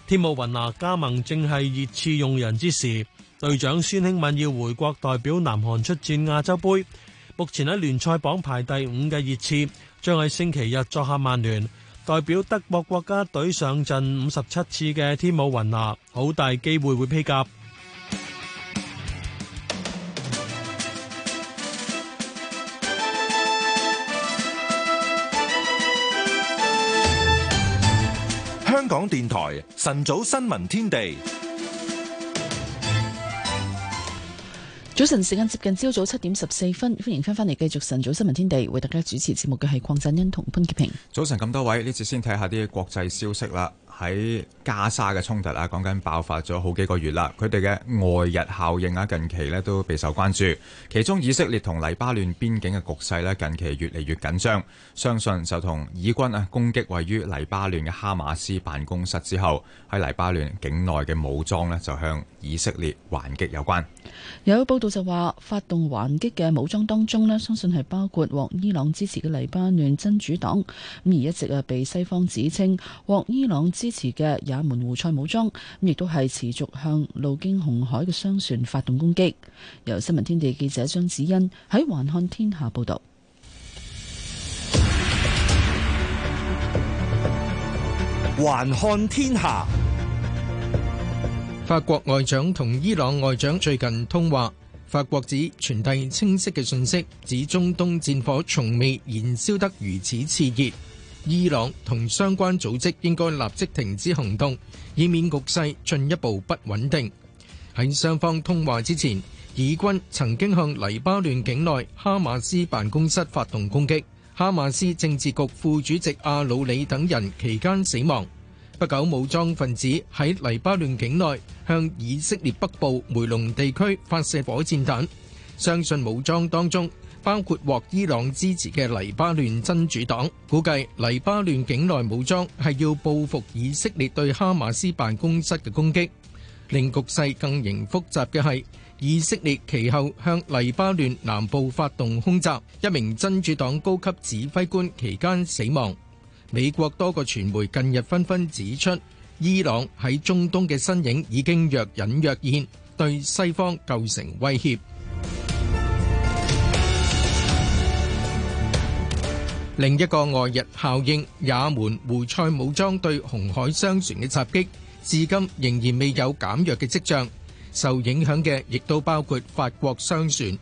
Speaker 5: 天慕雲拿加盟正係熱刺用人之時，隊長孫興敏要回國代表南韓出戰亞洲杯。目前喺聯賽榜排第五嘅熱刺，將喺星期日作客曼聯。代表德國國家隊上陣五十七次嘅天舞云娜，好大機會會披甲。
Speaker 1: 香港電台晨早新聞天地。
Speaker 3: 早晨，時間接近朝早七點十四分，歡迎翻翻嚟繼續晨早新聞天地，為大家主持節目嘅係鄺振恩同潘潔平。
Speaker 4: 早晨，咁多位，呢次先睇下啲國際消息啦。喺加沙嘅衝突啊，講緊爆發咗好幾個月啦，佢哋嘅外日效應啊，近期咧都備受關注。其中，以色列同黎巴嫩邊境嘅局勢咧，近期越嚟越緊張。相信就同以軍啊攻擊位於黎巴嫩嘅哈馬斯辦公室之後，喺黎巴嫩境內嘅武裝咧就向以色列還擊有關。
Speaker 3: 有報道就話，發動還擊嘅武裝當中咧，相信係包括獲伊朗支持嘅黎巴嫩真主黨，咁而一直啊被西方指稱獲伊朗支持嘅也門胡塞武裝，咁亦都係持續向路經紅海嘅商船發動攻擊。由新聞天地記者張子欣喺環看天下報道。
Speaker 5: 環看天下。
Speaker 15: 法國外長同伊朗外長最近通話，法國指傳遞清晰嘅信息，指中東戰火從未燃燒得如此熾熱，伊朗同相關組織應該立即停止行動，以免局勢進一步不穩定。喺雙方通話之前，以軍曾經向黎巴嫩境內哈馬斯辦公室發動攻擊，哈馬斯政治局副主席阿魯里等人期間死亡。不久武裝分子喺黎巴嫩境內向以色列北部梅隆地區發射火箭彈，相信武裝當中包括獲伊朗支持嘅黎巴嫩真主黨。估計黎巴嫩境內武裝係要報復以色列對哈馬斯辦公室嘅攻擊。令局勢更形複雜嘅係以色列其後向黎巴嫩南部發動空襲，一名真主黨高級指揮官期間死亡。美國多個傳媒近日紛紛指出，伊朗喺中東嘅身影已經若隱若現，對西方構成威脅。 (music) 另一個外日效應，也門胡塞武裝對紅海商船嘅襲擊，至今仍然未有減弱嘅跡象。受影響嘅亦都包括法國商船。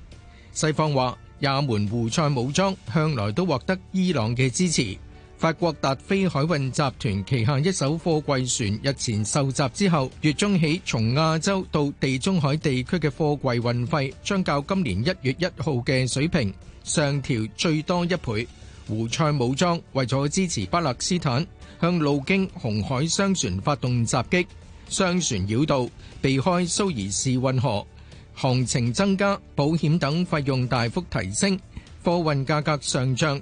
Speaker 15: 西方話，也門胡塞武裝向來都獲得伊朗嘅支持。法國達飛海運集團旗下一艘貨櫃船日前受襲之後，月中起從亞洲到地中海地區嘅貨櫃運費將較今年一月一號嘅水平上調最多一倍。胡塞武裝為咗支持巴勒斯坦，向路經紅海商船發動襲擊，商船繞道避開蘇伊士運河，航程增加，保險等費用大幅提升，貨運價格上漲。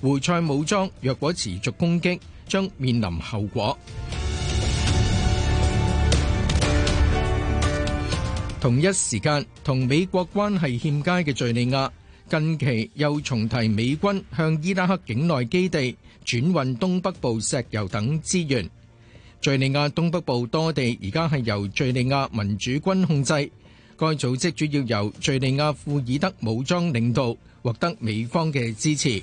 Speaker 15: 胡塞武裝若果持續攻擊，將面臨後果。同一時間，同美國關係欠佳嘅敘利亞，近期又重提美軍向伊拉克境內基地轉運東北部石油等資源。敘利亞東北部多地而家係由敘利亞民主軍控制，該組織主要由敘利亞庫爾德武裝領導，獲得美方嘅支持。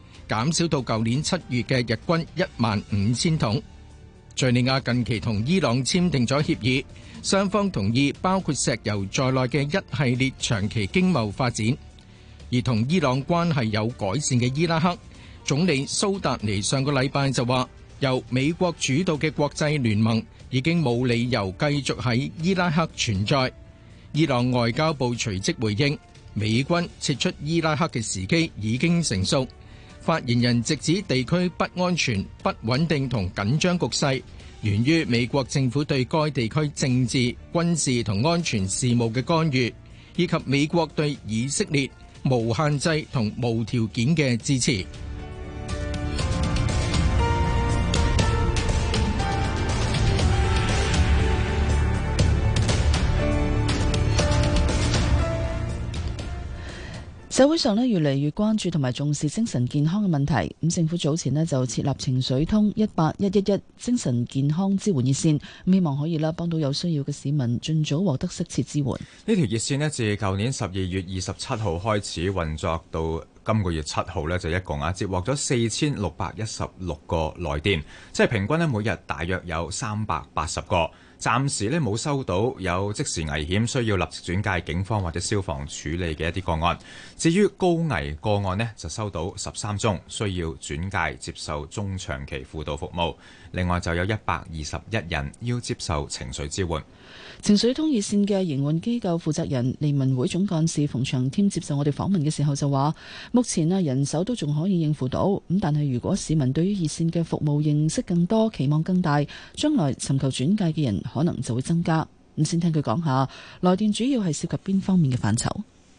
Speaker 15: 減少到舊年七月嘅日均一萬五千桶。敍利亞近期同伊朗簽訂咗協議，雙方同意包括石油在內嘅一系列長期經貿發展。而同伊朗關係有改善嘅伊拉克總理蘇達尼上個禮拜就話，由美國主導嘅國際聯盟已經冇理由繼續喺伊拉克存在。伊朗外交部隨即回應，美軍撤出伊拉克嘅時機已經成熟。發言人直指地區不安全、不穩定同緊張局勢，源於美國政府對該地區政治、軍事同安全事務嘅干預，以及美國對以色列、無限制同無條件嘅支持。
Speaker 3: 社會上越嚟越關注同埋重視精神健康嘅問題，政府早前咧就設立情緒通一八一一一精神健康支援熱線，希望可以啦幫到有需要嘅市民盡早獲得適切支援。
Speaker 4: 呢條熱線咧自舊年十二月二十七號開始運作到今個月七號咧就一共啊接獲咗四千六百一十六個來電，即係平均每日大約有三百八十個。暫時呢冇收到有即時危險需要立即轉介警方或者消防處理嘅一啲個案。至於高危個案呢，就收到十三宗需要轉介接受中長期輔導服務。另外就有一百二十一人要接受情緒支援。
Speaker 3: 情緒通熱線嘅營運機構負責人、利民會總幹事馮長添接受我哋訪問嘅時候就話，目前啊人手都仲可以應付到，咁但係如果市民對於熱線嘅服務認識更多、期望更大，將來尋求轉介嘅人可能就會增加。咁先聽佢講下，來電主要係涉及邊方面嘅範疇？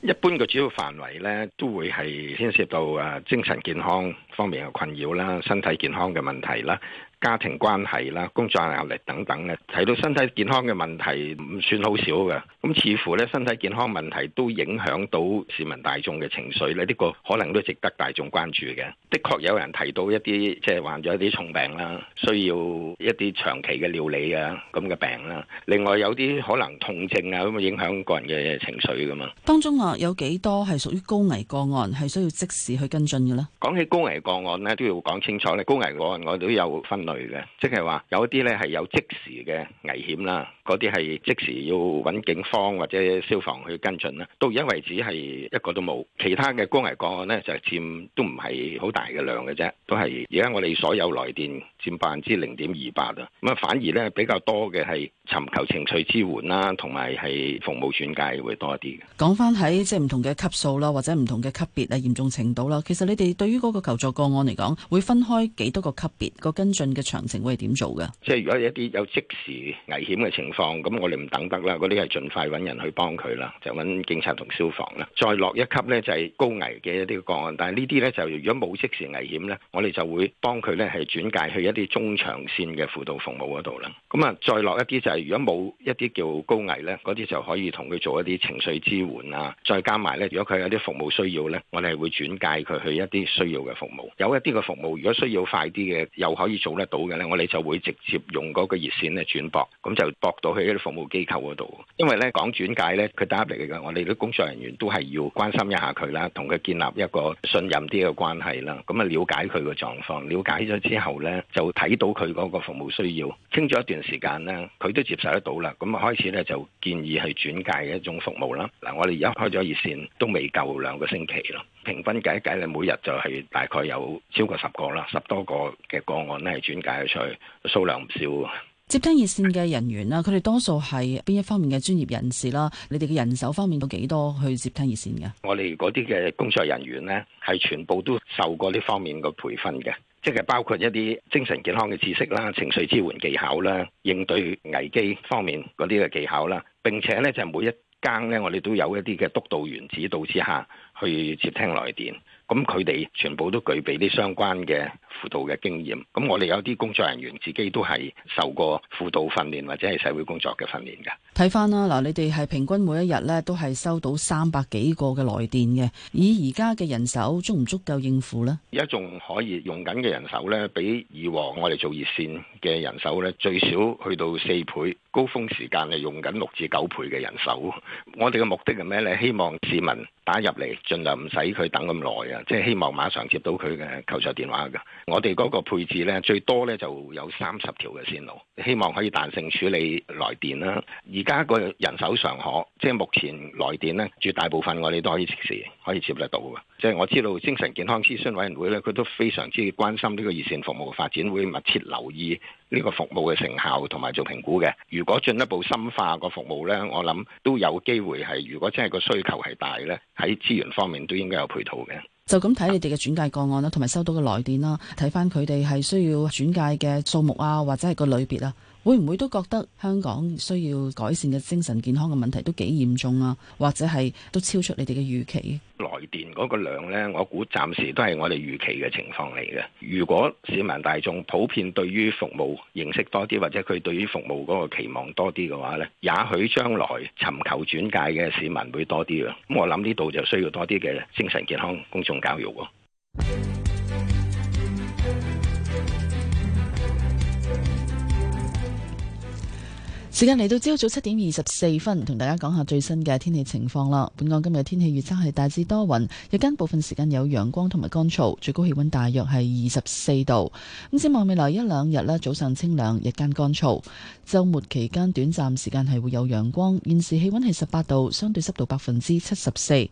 Speaker 16: 一般嘅主要範圍咧，都會係牽涉到啊精神健康方面嘅困擾啦，身體健康嘅問題啦。家庭關係啦、工作壓力等等嘅，提到身體健康嘅問題唔算好少嘅。咁似乎咧，身體健康問題都影響到市民大眾嘅情緒咧。呢個可能都值得大眾關注嘅。的確有人提到一啲即係患咗一啲重病啦，需要一啲長期嘅料理啊咁嘅病啦。另外有啲可能痛症啊咁影響個人嘅情緒噶嘛。
Speaker 3: 當中啊，有幾多係屬於高危個案，係需要即時去跟進嘅呢？
Speaker 16: 講起高危個案呢，都要講清楚咧。高危個案我都有分嘅，即係話有啲咧，係有即時嘅危險啦，嗰啲係即時要揾警方或者消防去跟進啦。到而家為止係一個都冇，其他嘅高危個案咧，就係佔都唔係好大嘅量嘅啫，都係而家我哋所有來電佔百分之零點二八啦。咁啊反而咧，比較多嘅係尋求情緒支援啦，同埋係服務轉介會多啲嘅。
Speaker 3: 講翻喺即係唔同嘅級數啦，或者唔同嘅級別啊，嚴重程度啦。其實你哋對於嗰個求助個案嚟講，會分開幾多個級別個跟進嘅？長程會點做㗎？即
Speaker 16: 係如果一啲有即時危險嘅情況，咁我哋唔等得啦，嗰啲係盡快揾人去幫佢啦，就揾警察同消防啦。再落一級咧，就係高危嘅一啲個案。但係呢啲咧，就如果冇即時危險咧，我哋就會幫佢咧係轉介去一啲中長線嘅輔導服務嗰度啦。咁啊，再落一啲就係如果冇一啲叫高危咧，嗰啲就可以同佢做一啲情緒支援啊。再加埋咧，如果佢有啲服務需要咧，我哋係會轉介佢去一啲需要嘅服務。有一啲嘅服務，如果需要快啲嘅，又可以做咧。到嘅咧，我哋就會直接用嗰個熱線咧轉駁，咁就駁到去一啲服務機構嗰度。因為咧講轉介咧，佢打入嚟嘅，我哋啲工作人員都係要關心一下佢啦，同佢建立一個信任啲嘅關係啦。咁啊，了解佢嘅狀況，了解咗之後咧，就睇到佢嗰個服務需要，傾咗一段時間咧，佢都接受得到啦。咁啊，開始咧就建議係轉介嘅一種服務啦。嗱，我哋而家開咗熱線都未夠兩個星期咯。平均計一計咧，每日就係大概有超過十個啦，十多個嘅個案咧係轉介出去，數量唔少。
Speaker 3: 接聽熱線嘅人員啦，佢哋多數係邊一方面嘅專業人士啦。你哋嘅人手方面都幾多去接聽熱線㗎？
Speaker 16: 我哋嗰啲嘅工作人員咧，係全部都受過呢方面嘅培訓嘅，即係包括一啲精神健康嘅知識啦、情緒支援技巧啦、應對危機方面嗰啲嘅技巧啦。並且咧就係每一間咧，我哋都有一啲嘅督導員指導之下，去接聽來電，咁佢哋全部都具備啲相關嘅。輔導嘅經驗，咁我哋有啲工作人員自己都係受過輔導訓練或者係社會工作嘅訓練嘅。
Speaker 3: 睇翻啦，嗱，你哋係平均每一日咧都係收到三百幾個嘅來電嘅，以而家嘅人手足唔足夠應付呢？而
Speaker 16: 家仲可以用緊嘅人手咧，比以往我哋做熱線嘅人手咧最少去到四倍，高峰時間係用緊六至九倍嘅人手。我哋嘅目的係咩咧？希望市民打入嚟，盡量唔使佢等咁耐啊！即係希望馬上接到佢嘅求助電話噶。我哋嗰個配置咧，最多咧就有三十條嘅線路，希望可以彈性處理來電啦。而家個人手尚可，即係目前來電咧，絕大部分我哋都可以即時可以接得到嘅。即係我知道精神健康諮詢委員會咧，佢都非常之關心呢個熱線服務嘅發展，會密切留意呢個服務嘅成效同埋做評估嘅。如果進一步深化個服務咧，我諗都有機會係如果真係個需求係大咧，喺資源方面都應該有配套嘅。
Speaker 3: 就咁睇你哋嘅轉介個案啦，同埋收到嘅來電啦，睇返佢哋係需要轉介嘅數目啊，或者係個類別啊。會唔會都覺得香港需要改善嘅精神健康嘅問題都幾嚴重啊？或者係都超出你哋嘅預期？
Speaker 16: 來電嗰個量呢，我估暫時都係我哋預期嘅情況嚟嘅。如果市民大眾普遍對於服務認識多啲，或者佢對於服務嗰個期望多啲嘅話呢，也許將來尋求轉介嘅市民會多啲啊。咁我諗呢度就需要多啲嘅精神健康公眾教育咯。
Speaker 3: 時間嚟到朝早七點二十四分，同大家講下最新嘅天氣情況啦。本港今日天氣預測係大致多雲，日間部分時間有陽光同埋乾燥，最高氣溫大約係二十四度。咁展望未來一兩日呢，早上清涼，日間乾燥。周末期間短暫時間係會有陽光。現時氣温係十八度，相對濕度百分之七十四。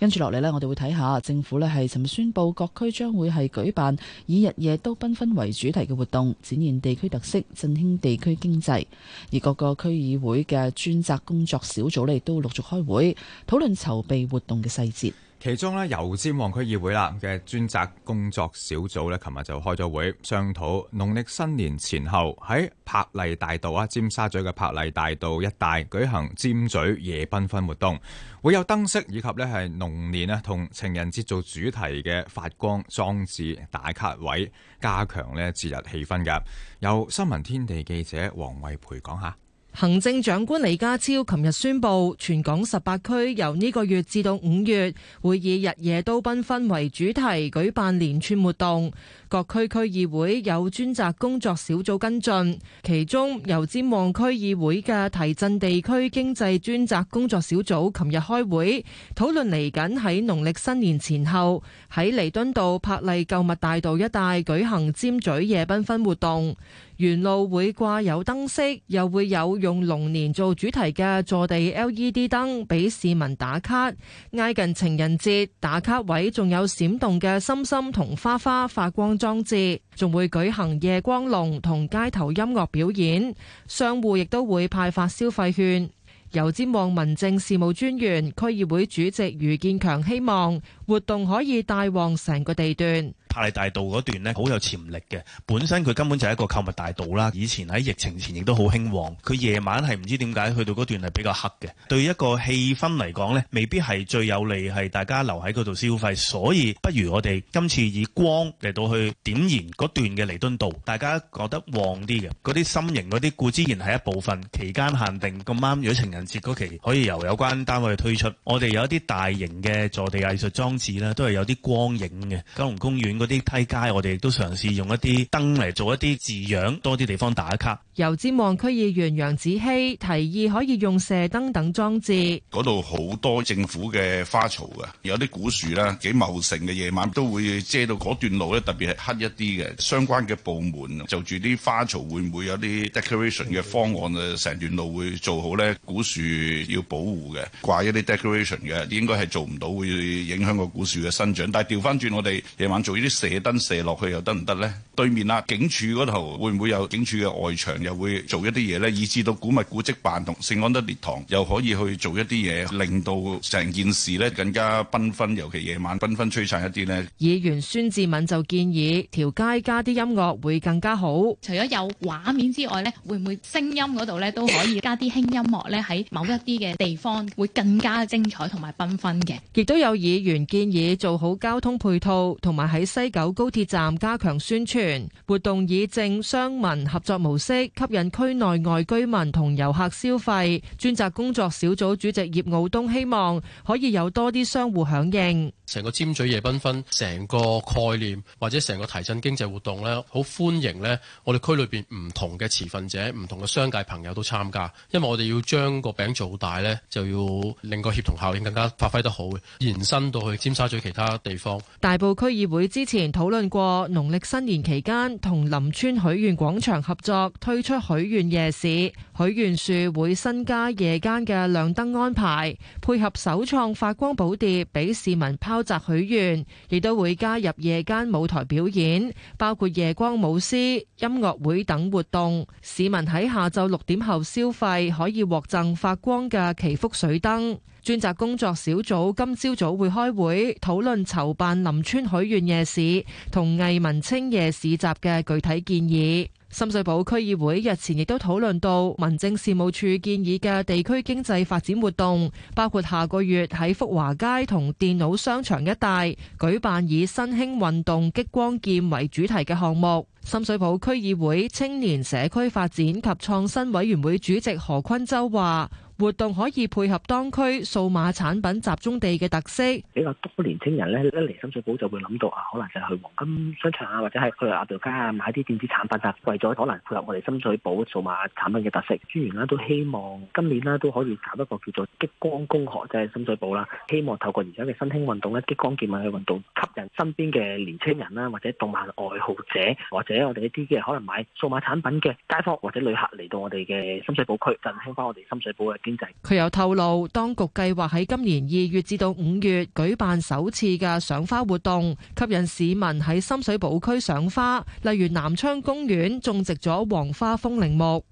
Speaker 3: 跟住落嚟呢，我哋會睇下政府呢係尋日宣布各區將會係舉辦以日夜都繽紛為主題嘅活動，展現地區特色，振興地區經濟。而各個區議會嘅專責工作小組呢，我哋都陸續開會討論籌備活動嘅細節。
Speaker 4: 其中咧，由尖旺區議會啦嘅專責工作小組咧，琴日就開咗會商討農曆新年前後喺柏麗大道啊，尖沙咀嘅柏麗大道一帶舉行尖咀夜繽紛活動，會有燈飾以及咧係龍年啊同情人節做主題嘅發光裝置打卡位，加強咧節日氣氛嘅。有新聞天地記者黃慧培講下。
Speaker 17: 行政長官李家超琴日宣布，全港十八區由呢個月至到五月，會以日夜都繽紛為主題舉辦連串活動。各區區議會有專責工作小組跟進，其中由尖旺區議會嘅提振地區經濟專責工作小組，琴日開會討論嚟緊喺農曆新年前後喺彌敦道、柏麗購物大道一帶舉行尖咀夜繽紛活動。沿路會掛有燈飾，又會有用龍年做主題嘅坐地 LED 燈俾市民打卡。挨近情人節，打卡位仲有閃動嘅心心同花花發光裝置，仲會舉行夜光龍同街頭音樂表演。商戶亦都會派發消費券。油尖旺民政事務專員、區議會主席余建強希望活動可以帶旺成個地段。
Speaker 9: 柏麗大道嗰段呢，好有潛力嘅。本身佢根本就係一個購物大道啦。以前喺疫情前亦都好興旺。佢夜晚係唔知點解去到嗰段係比較黑嘅。對一個氣氛嚟講呢，未必係最有利係大家留喺嗰度消費。所以不如我哋今次以光嚟到去點燃嗰段嘅彌敦道，大家覺得旺啲嘅。嗰啲心形嗰啲固之然係一部分，期間限定咁啱，如果情人節嗰期可以由有關單位推出，我哋有一啲大型嘅坐地藝術裝置呢，都係有啲光影嘅。九龍公園。嗰啲梯街，我哋亦都嘗試用一啲燈嚟做一啲字樣，多啲地方打卡。
Speaker 17: 油尖旺區議員楊子希提議可以用射燈等裝置。
Speaker 1: 度好多政府嘅花槽啊，有啲古樹啦，幾茂盛嘅，夜晚都會遮到段路咧。特別係黑一啲嘅，相關嘅部門就住啲花槽會唔會有啲 decoration 嘅方案啊？成段路會做好咧，古樹要保護嘅，掛一啲 decoration 嘅，應該係做唔到，會影響個古樹嘅生長，但係調翻轉我哋夜晚做呢啲。射燈射落去又得唔得呢？對面啊，警署嗰頭會唔會有警署嘅外牆又會做一啲嘢呢？以至到古物古蹟辦同聖安德烈堂又可以去做一啲嘢，令到成件事呢更加繽紛，尤其夜晚繽紛璀璨一啲呢。議員
Speaker 17: 孫志敏就建議條街加啲音樂會更加好。除咗有畫面之
Speaker 11: 外呢，會唔會聲音嗰度呢都可以加啲輕音樂呢？喺某一啲嘅地方 (laughs) 會更加精彩同埋繽紛嘅。
Speaker 17: 亦都有議員建議做好交通配套，同埋喺。西九高鐵站加強宣傳活動，以政商民合作模式吸引區內外居民同遊客消費。專責工作小組主席葉奧東希望可以有多啲商戶響應。
Speaker 8: 成個尖咀夜繽紛，成個概念或者成個提振經濟活動呢，好歡迎呢，我哋區裏邊唔同嘅持份者、唔同嘅商界朋友都參加，因為我哋要將個餅做大呢，就要令個協同效應更加發揮得好，延伸到去尖沙咀其他地方。
Speaker 17: 大埔區議會之前討論過農曆，農曆新年期間同林村許願廣場合作推出許願夜市，許願樹會新加夜間嘅亮燈安排，配合首創發光寶蝶俾市民拋。多集許願，亦都會加入夜間舞台表演，包括夜光舞獅、音樂會等活動。市民喺下晝六點後消費，可以獲贈發光嘅祈福水燈。專責工作小組今朝早會開會，討論籌辦林村許願夜市同藝文青夜市集嘅具體建議。深水埗區議會日前亦都討論到民政事務處建議嘅地區經濟發展活動，包括下個月喺福華街同電腦商場一帶舉辦以新興運動激光劍為主題嘅項目。深水埗區議會青年社區發展及創新委員會主席何坤洲話。活動可以配合當區數碼產品集中地嘅特色，
Speaker 10: 比較多年青人咧一嚟深水埗就會諗到啊，可能就係去黃金商場啊，或者係去鴨寮街啊買啲電子產品啊，為咗可能配合我哋深水埗數碼產品嘅特色，專員呢都希望今年呢都可以搞一個叫做激光工學，就係深水埗啦，希望透過而家嘅新興運動咧，激光健美嘅運動，吸引身邊嘅年青人啦，或者動漫愛好者，或者我哋一啲嘅可能買數碼產品嘅街坊或者旅客嚟到我哋嘅深水埗區，振興翻我哋深水埗嘅。
Speaker 17: 佢又透露，當局計劃喺今年二月至到五月舉辦首次嘅賞花活動，吸引市民喺深水埗區賞花，例如南昌公園種植咗黃花風鈴木。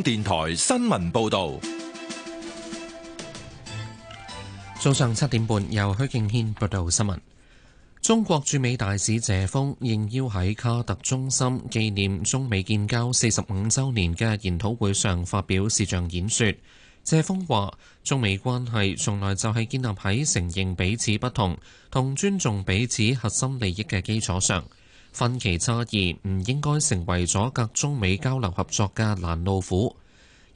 Speaker 1: 香港電台新聞報道：
Speaker 2: 早上七點半，由許敬軒報道新聞。中國駐美大使謝鋒應邀喺卡特中心紀念中美建交四十五周年嘅研討會上發表視像演說。謝鋒話：中美關係從來就係建立喺承認彼此不同同尊重彼此核心利益嘅基礎上。分歧差異唔應該成為阻隔中美交流合作嘅攔路虎。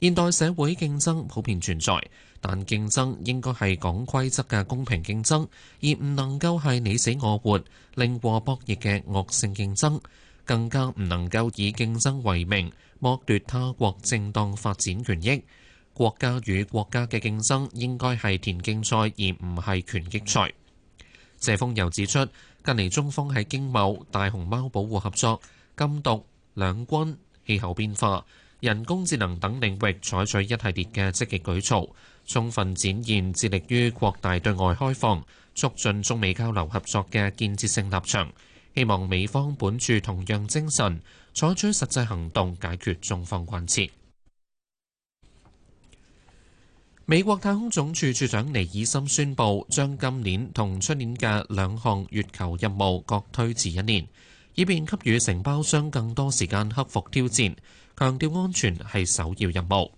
Speaker 2: 現代社會競爭普遍存在，但競爭應該係講規則嘅公平競爭，而唔能夠係你死我活、零和博弈嘅惡性競爭。更加唔能夠以競爭為名剝奪他國正當發展權益。國家與國家嘅競爭應該係田徑賽而唔係拳擊賽。謝鋒又指出，近嚟中方喺經貿、大熊貓保護合作、禁毒、兩軍、氣候變化、人工智能等領域採取一系列嘅積極舉措，充分展現致力於擴大對外開放、促進中美交流合作嘅建設性立場。希望美方本著同樣精神，採取實際行動解決中方關切。美國太空總署署長尼爾森宣布，將今年同出年嘅兩項月球任務各推遲一年，以便給予承包商更多時間克服挑戰。強調安全係首要任務。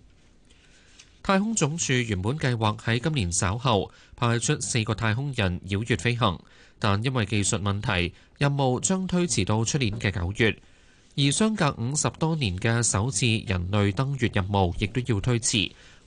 Speaker 2: 太空總署原本計劃喺今年稍後派出四個太空人繞月飛行，但因為技術問題，任務將推遲到出年嘅九月。而相隔五十多年嘅首次人類登月任務，亦都要推遲。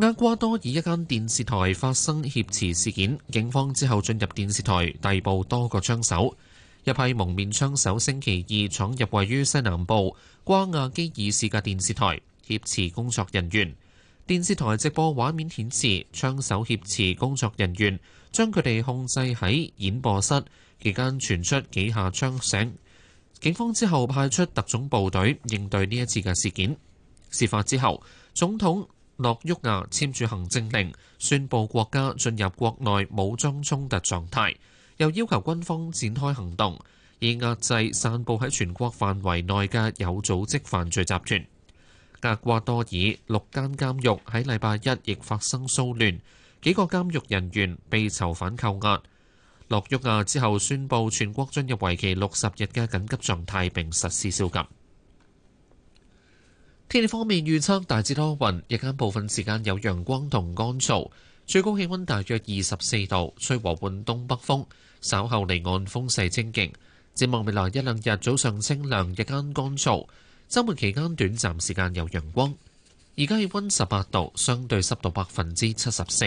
Speaker 2: 厄瓜多爾一,一間電視台發生挾持事件，警方之後進入電視台逮捕多個槍手。一批蒙面槍手星期二闖入位於西南部瓜亞基爾市嘅電視台，挾持工作人員。電視台直播畫面顯示，槍手挾持工作人員，將佢哋控制喺演播室期間，傳出幾下槍聲。警方之後派出特種部隊應對呢一次嘅事件。事發之後，總統。諾沃亞簽署行政令，宣布國家進入國內武裝衝突狀態，又要求軍方展開行動，以壓制散佈喺全國範圍內嘅有組織犯罪集團。厄瓜多爾六間監獄喺禮拜一亦發生騷亂，幾個監獄人員被囚犯扣押。諾沃亞之後宣布全國進入為期六十日嘅緊急狀態，並實施宵禁。天氣方面預測大致多雲，日間部分時間有陽光同乾燥，最高氣溫大約二十四度，吹和緩東北風。稍後離岸風勢清勁，展望未來一兩日早上清涼，日間乾燥。周末期間短暫時間有陽光。而家氣溫十八度，相對濕度百分之七十四。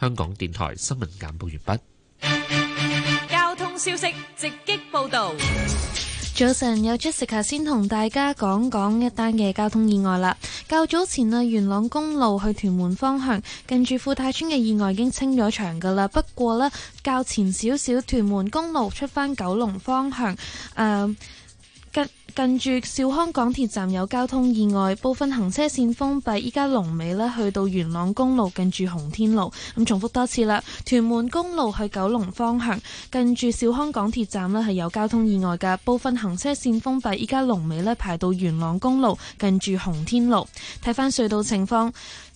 Speaker 2: 香港電台新聞簡報完
Speaker 11: 畢。交通消息直擊報道。早晨，有 Jessica 先同大家講講一單嘅交通意外啦。較早前啊，元朗公路去屯門方向，近住富泰村嘅意外已經清咗場噶啦。不過呢，較前少少，屯門公路出翻九龍方向，誒、呃。近住兆康港鐵站有交通意外，部分行車線封閉。依家龍尾咧去到元朗公路近住洪天路。咁重複多次啦，屯門公路去九龍方向，近住兆康港鐵站咧係有交通意外嘅，部分行車線封閉。依家龍尾咧排到元朗公路近住洪天路。睇翻隧道情況。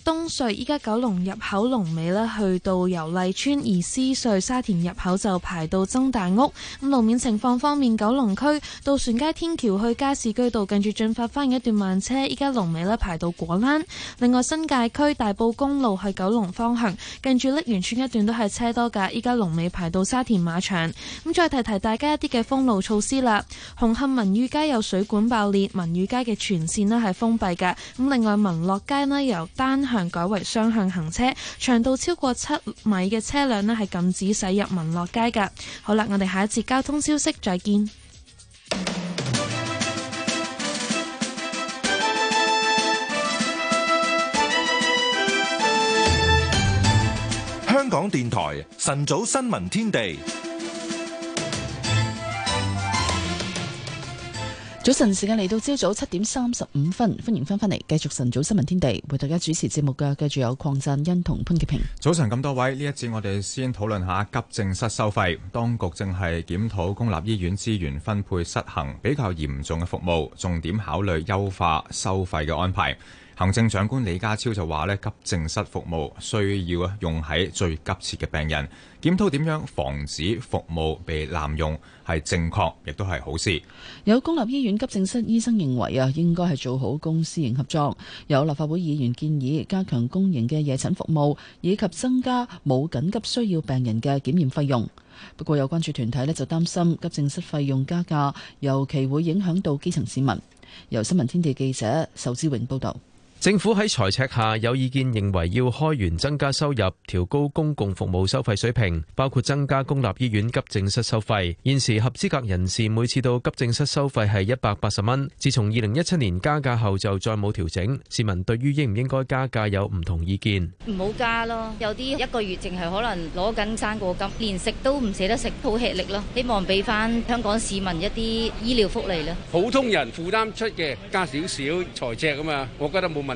Speaker 11: 東隧依家九龍入口龍尾咧，去到油麗邨，而獅隧沙田入口就排到曾大屋。咁路面情況方面，九龍區渡船街天橋去加士居道近住進發翻，一段慢車，依家龍尾咧排到果欄。另外新界區大埔公路去九龍方向近住瀝源村一段都係車多噶，依家龍尾排到沙田馬場。咁再提提大家一啲嘅封路措施啦。紅磡文宇街有水管爆裂，文宇街嘅全線咧係封閉嘅。咁另外民樂街呢由單向改為雙向行車，長度超過七米嘅車輛呢係禁止駛入民樂街噶。好啦，我哋下一次交通消息，再見。
Speaker 1: 香港電台晨早新聞天地。
Speaker 3: 早晨時間嚟到朝早七點三十五分，歡迎翻返嚟，繼續晨早新聞天地，為大家主持節目嘅，繼續有鄺振恩同潘潔平。
Speaker 4: 早晨咁多位，呢一節我哋先討論下急症室收費，當局正係檢討公立醫院資源分配失衡比較嚴重嘅服務，重點考慮優化收費嘅安排。行政長官李家超就話咧：急症室服務需要啊，用喺最急切嘅病人。檢討點樣防止服務被濫用係正確，亦都係好事。
Speaker 3: 有公立醫院急症室醫生認為啊，應該係做好公私營合作。有立法會議員建議加強公營嘅夜診服務，以及增加冇緊急需要病人嘅檢驗費用。不過有關注團體咧就擔心急症室費用加價，尤其會影響到基層市民。由新聞天地記者仇志榮報導。
Speaker 8: 政府喺財赤下有意見認為要開源增加收入，調高公共服務收費水平，包括增加公立醫院急症室收費。現時合資格人士每次到急症室收費係一百八十蚊，自從二零一七年加價後就再冇調整。市民對於應唔應該加價有唔同意見。
Speaker 12: 唔好加咯，有啲一個月淨係可能攞緊生果金，連食都唔捨得食，好吃力咯。希望俾翻香港市民一啲醫療福利啦。
Speaker 16: 普通人負擔出嘅加少少財赤啊嘛，我覺得冇問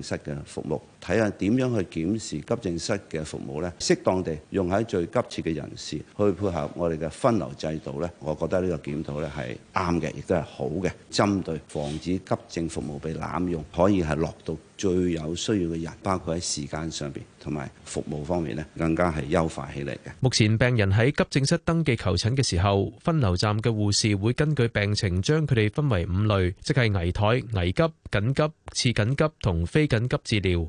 Speaker 14: 現實嘅服務。睇下點樣去檢視急症室嘅服務呢，適當地用喺最急切嘅人士，去配合我哋嘅分流制度呢，我覺得呢個檢討呢係啱嘅，亦都係好嘅，針對防止急症服務被濫用，可以係落到最有需要嘅人，包括喺時間上面同埋服務方面呢，更加係優化起嚟嘅。
Speaker 8: 目前病人喺急症室登記求診嘅時候，分流站嘅護士會根據病情將佢哋分為五類，即係危殆、危急、緊急、次緊急同非緊急治療。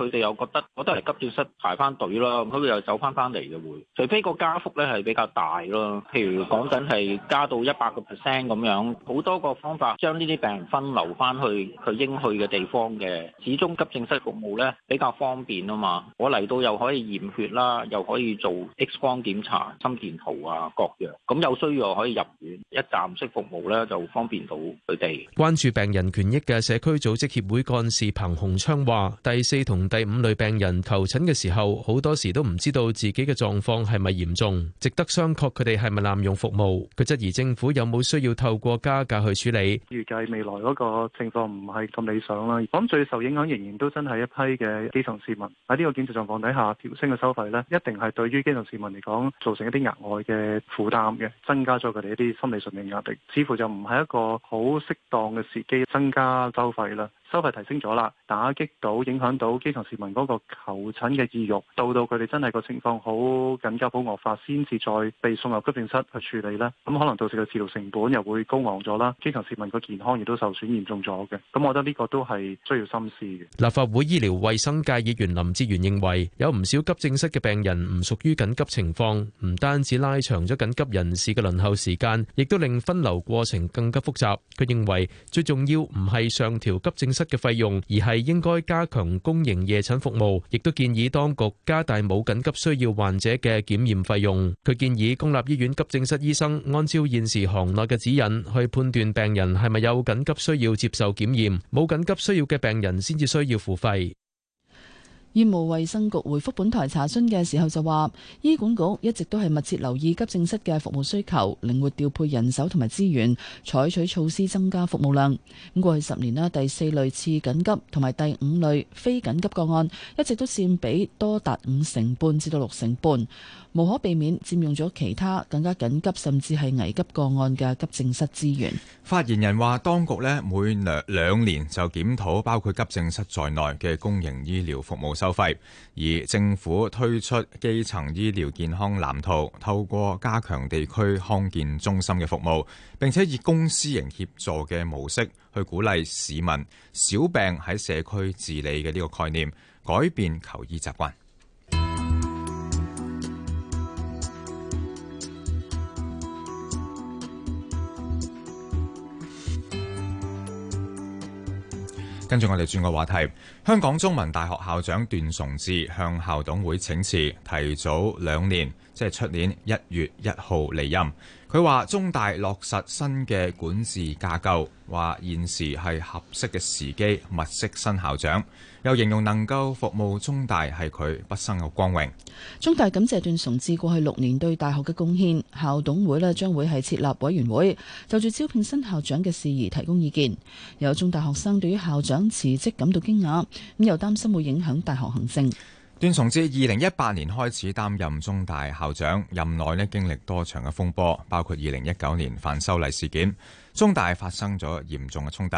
Speaker 16: 佢哋又覺得，我都係急症室排翻隊咯，咁佢又走翻翻嚟嘅會，除非個加幅咧係比較大咯。譬如講緊係加到一百個 percent 咁樣，好多個方法將呢啲病人分流翻去佢應去嘅地方嘅。始終急症室服務咧比較方便啊嘛，我嚟到又可以驗血啦，又可以做 X 光檢查、心電圖啊各樣。咁有需要可以入院，一站式服務咧就方便到佢哋。
Speaker 8: 關注病人權益嘅社區組織協會幹事彭鴻昌話：第四同，第五類病人求診嘅時候，好多時都唔知道自己嘅狀況係咪嚴重，值得商榷。佢哋係咪濫用服務？佢質疑政府有冇需要透過加價去處理。
Speaker 3: 預計
Speaker 7: 未來嗰個情況唔係咁理想啦。我諗最受影響仍然都真係一批嘅基層市民，喺呢個經濟狀況底下調升嘅收費咧，一定係對於基層市民嚟講造成一啲額外嘅負擔嘅，增加咗佢哋一啲心理上面壓力。似乎就唔係一個好適當嘅時機增加收費啦。收費提升咗啦，打擊到、影響到基層市民嗰個求診嘅意欲，到到佢哋真係個情況好緊急、好惡化，先至再被送入急症室去處理啦。咁可能導致個治療成本又會高昂咗啦，基層市民個健康亦都受損嚴重咗嘅。咁我覺得呢個都係需要深思嘅。
Speaker 8: 立法會醫療衞生界議員林哲玄認為，有唔少急症室嘅病人唔屬於緊急情況，唔單止拉長咗緊急人士嘅輪候時間，亦都令分流過程更加複雜。佢認為最重要唔係上調急症室嘅費用，而係應該加強公營夜診服務，亦都建議當局加大冇緊急需要患者嘅檢驗費用。佢建議公立醫院急症室醫生按照現時行內嘅指引去判斷病人係咪有緊急需要接受檢驗，冇緊急需要嘅病人先至需要付費。
Speaker 3: 醫務衛生局回覆本台查詢嘅時候就話，醫管局一直都係密切留意急症室嘅服務需求，靈活調配人手同埋資源，採取措施增加服務量。咁過去十年啦，第四類次緊急同埋第五類非緊急個案，一直都佔比多達五成半至到六成半。無可避免佔用咗其他更加緊急甚至係危急個案嘅急症室資源。
Speaker 4: 發言人話：當局呢，每兩兩年就檢討包括急症室在內嘅公營醫療服務收費，而政府推出基層醫療健康藍圖，透過加強地區康健中心嘅服務，並且以公私營協助嘅模式去鼓勵市民小病喺社區治理嘅呢個概念，改變求醫習慣。跟住我哋轉個話題，香港中文大學校長段崇智向校董會請辭，提早兩年，即係出年一月一號離任。佢話中大落實新嘅管治架構，話現時係合適嘅時機物色新校長，又形容能夠服務中大係佢畢生嘅光榮。
Speaker 3: 中大感謝段崇智過去六年對大學嘅貢獻，校董會咧將會係設立委員會就住招聘新校長嘅事宜提供意見。有中大學生對於校長辭職感到驚訝，咁又擔心會影響大學行政。
Speaker 4: 段崇智二零一八年開始擔任中大校長，任內呢經歷多場嘅風波，包括二零一九年反修例事件，中大發生咗嚴重嘅衝突。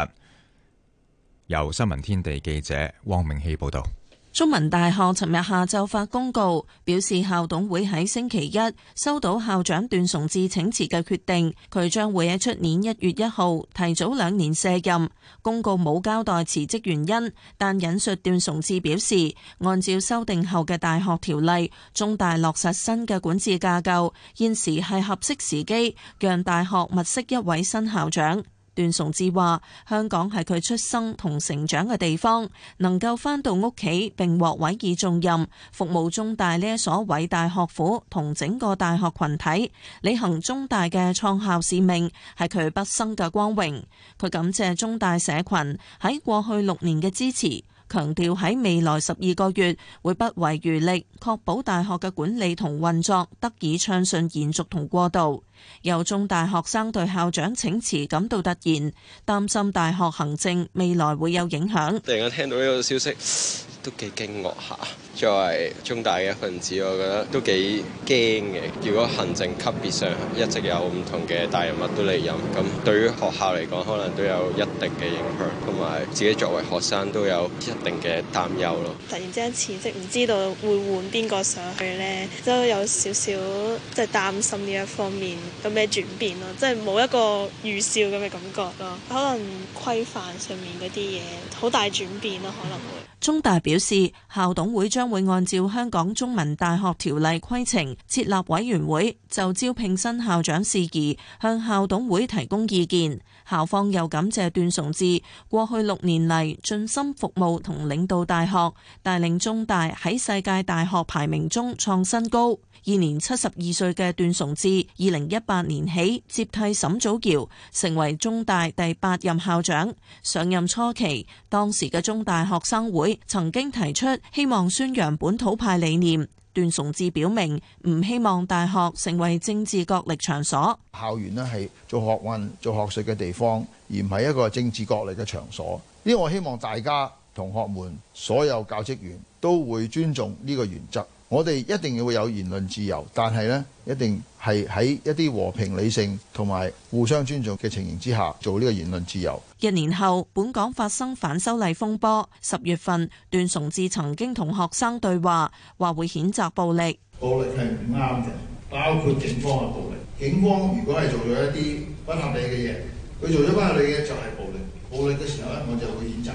Speaker 4: 由新聞天地記者汪明希報導。
Speaker 18: 中文大學尋日下晝發公告，表示校董會喺星期一收到校長段崇智請辭嘅決定，佢將會喺出年一月一號提早兩年卸任。公告冇交代辭職原因，但引述段崇智表示，按照修訂後嘅大學條例，中大落實新嘅管治架構，現時係合適時機，讓大學物色一位新校長。段崇智話：香港係佢出生同成長嘅地方，能夠翻到屋企並獲委以重任，服務中大呢一所偉大學府同整個大學群體，履行中大嘅創校使命，係佢畢生嘅光榮，佢感謝中大社群喺過去六年嘅支持，強調喺未來十二個月會不遺餘力確保大學嘅管理同運作得以暢順延續同過渡。由中大學生對校長請辭感到突然，擔心大學行政未來會有影響。
Speaker 16: 突然聽到呢個消息，都幾驚愕吓。作為中大嘅一份子，我覺得都幾驚嘅。如果行政級別上一直有唔同嘅大人物都嚟任，咁對於學校嚟講，可能都有一定嘅影響，同埋自己作為學生都有一定嘅擔憂咯。突然
Speaker 11: 之間辭職，唔知道會換邊個上去呢？都有少少即係擔心呢一方面。有咩轉變咯？即係冇一個預兆咁嘅感覺咯。可能規範上面嗰啲嘢好大轉變咯，可能會。
Speaker 18: 中大表示，校董會將會按照《香港中文大學條例》規程設立委員會，就招聘新校長事宜向校董會提供意見。校方又感謝段崇智過去六年嚟盡心服務同領導大學，帶領中大喺世界大學排名中創新高。現年七十二歲嘅段崇智，二零一八年起接替沈祖堯，成為中大第八任校長。上任初期，當時嘅中大學生會曾經提出希望宣揚本土派理念。段崇智表明唔希望大學成為政治角力場所。
Speaker 15: 校園咧係做學運、做學術嘅地方，而唔係一個政治角力嘅場所。呢個我希望大家、同學們、所有教職員都會尊重呢個原則。我哋一定要有言論自由，但係呢，一定係喺一啲和平理性同埋互相尊重嘅情形之下做呢個言論自由。
Speaker 18: 一年後，本港發生反修例風波，十月份段崇智曾經同學生對話，話會譴責暴力。
Speaker 9: 暴力係唔啱嘅，包括警方嘅暴力。警方如果係做咗一啲不合理嘅嘢，佢做咗不合理嘅就係暴力。暴力嘅時候呢，我
Speaker 11: 就會譴責。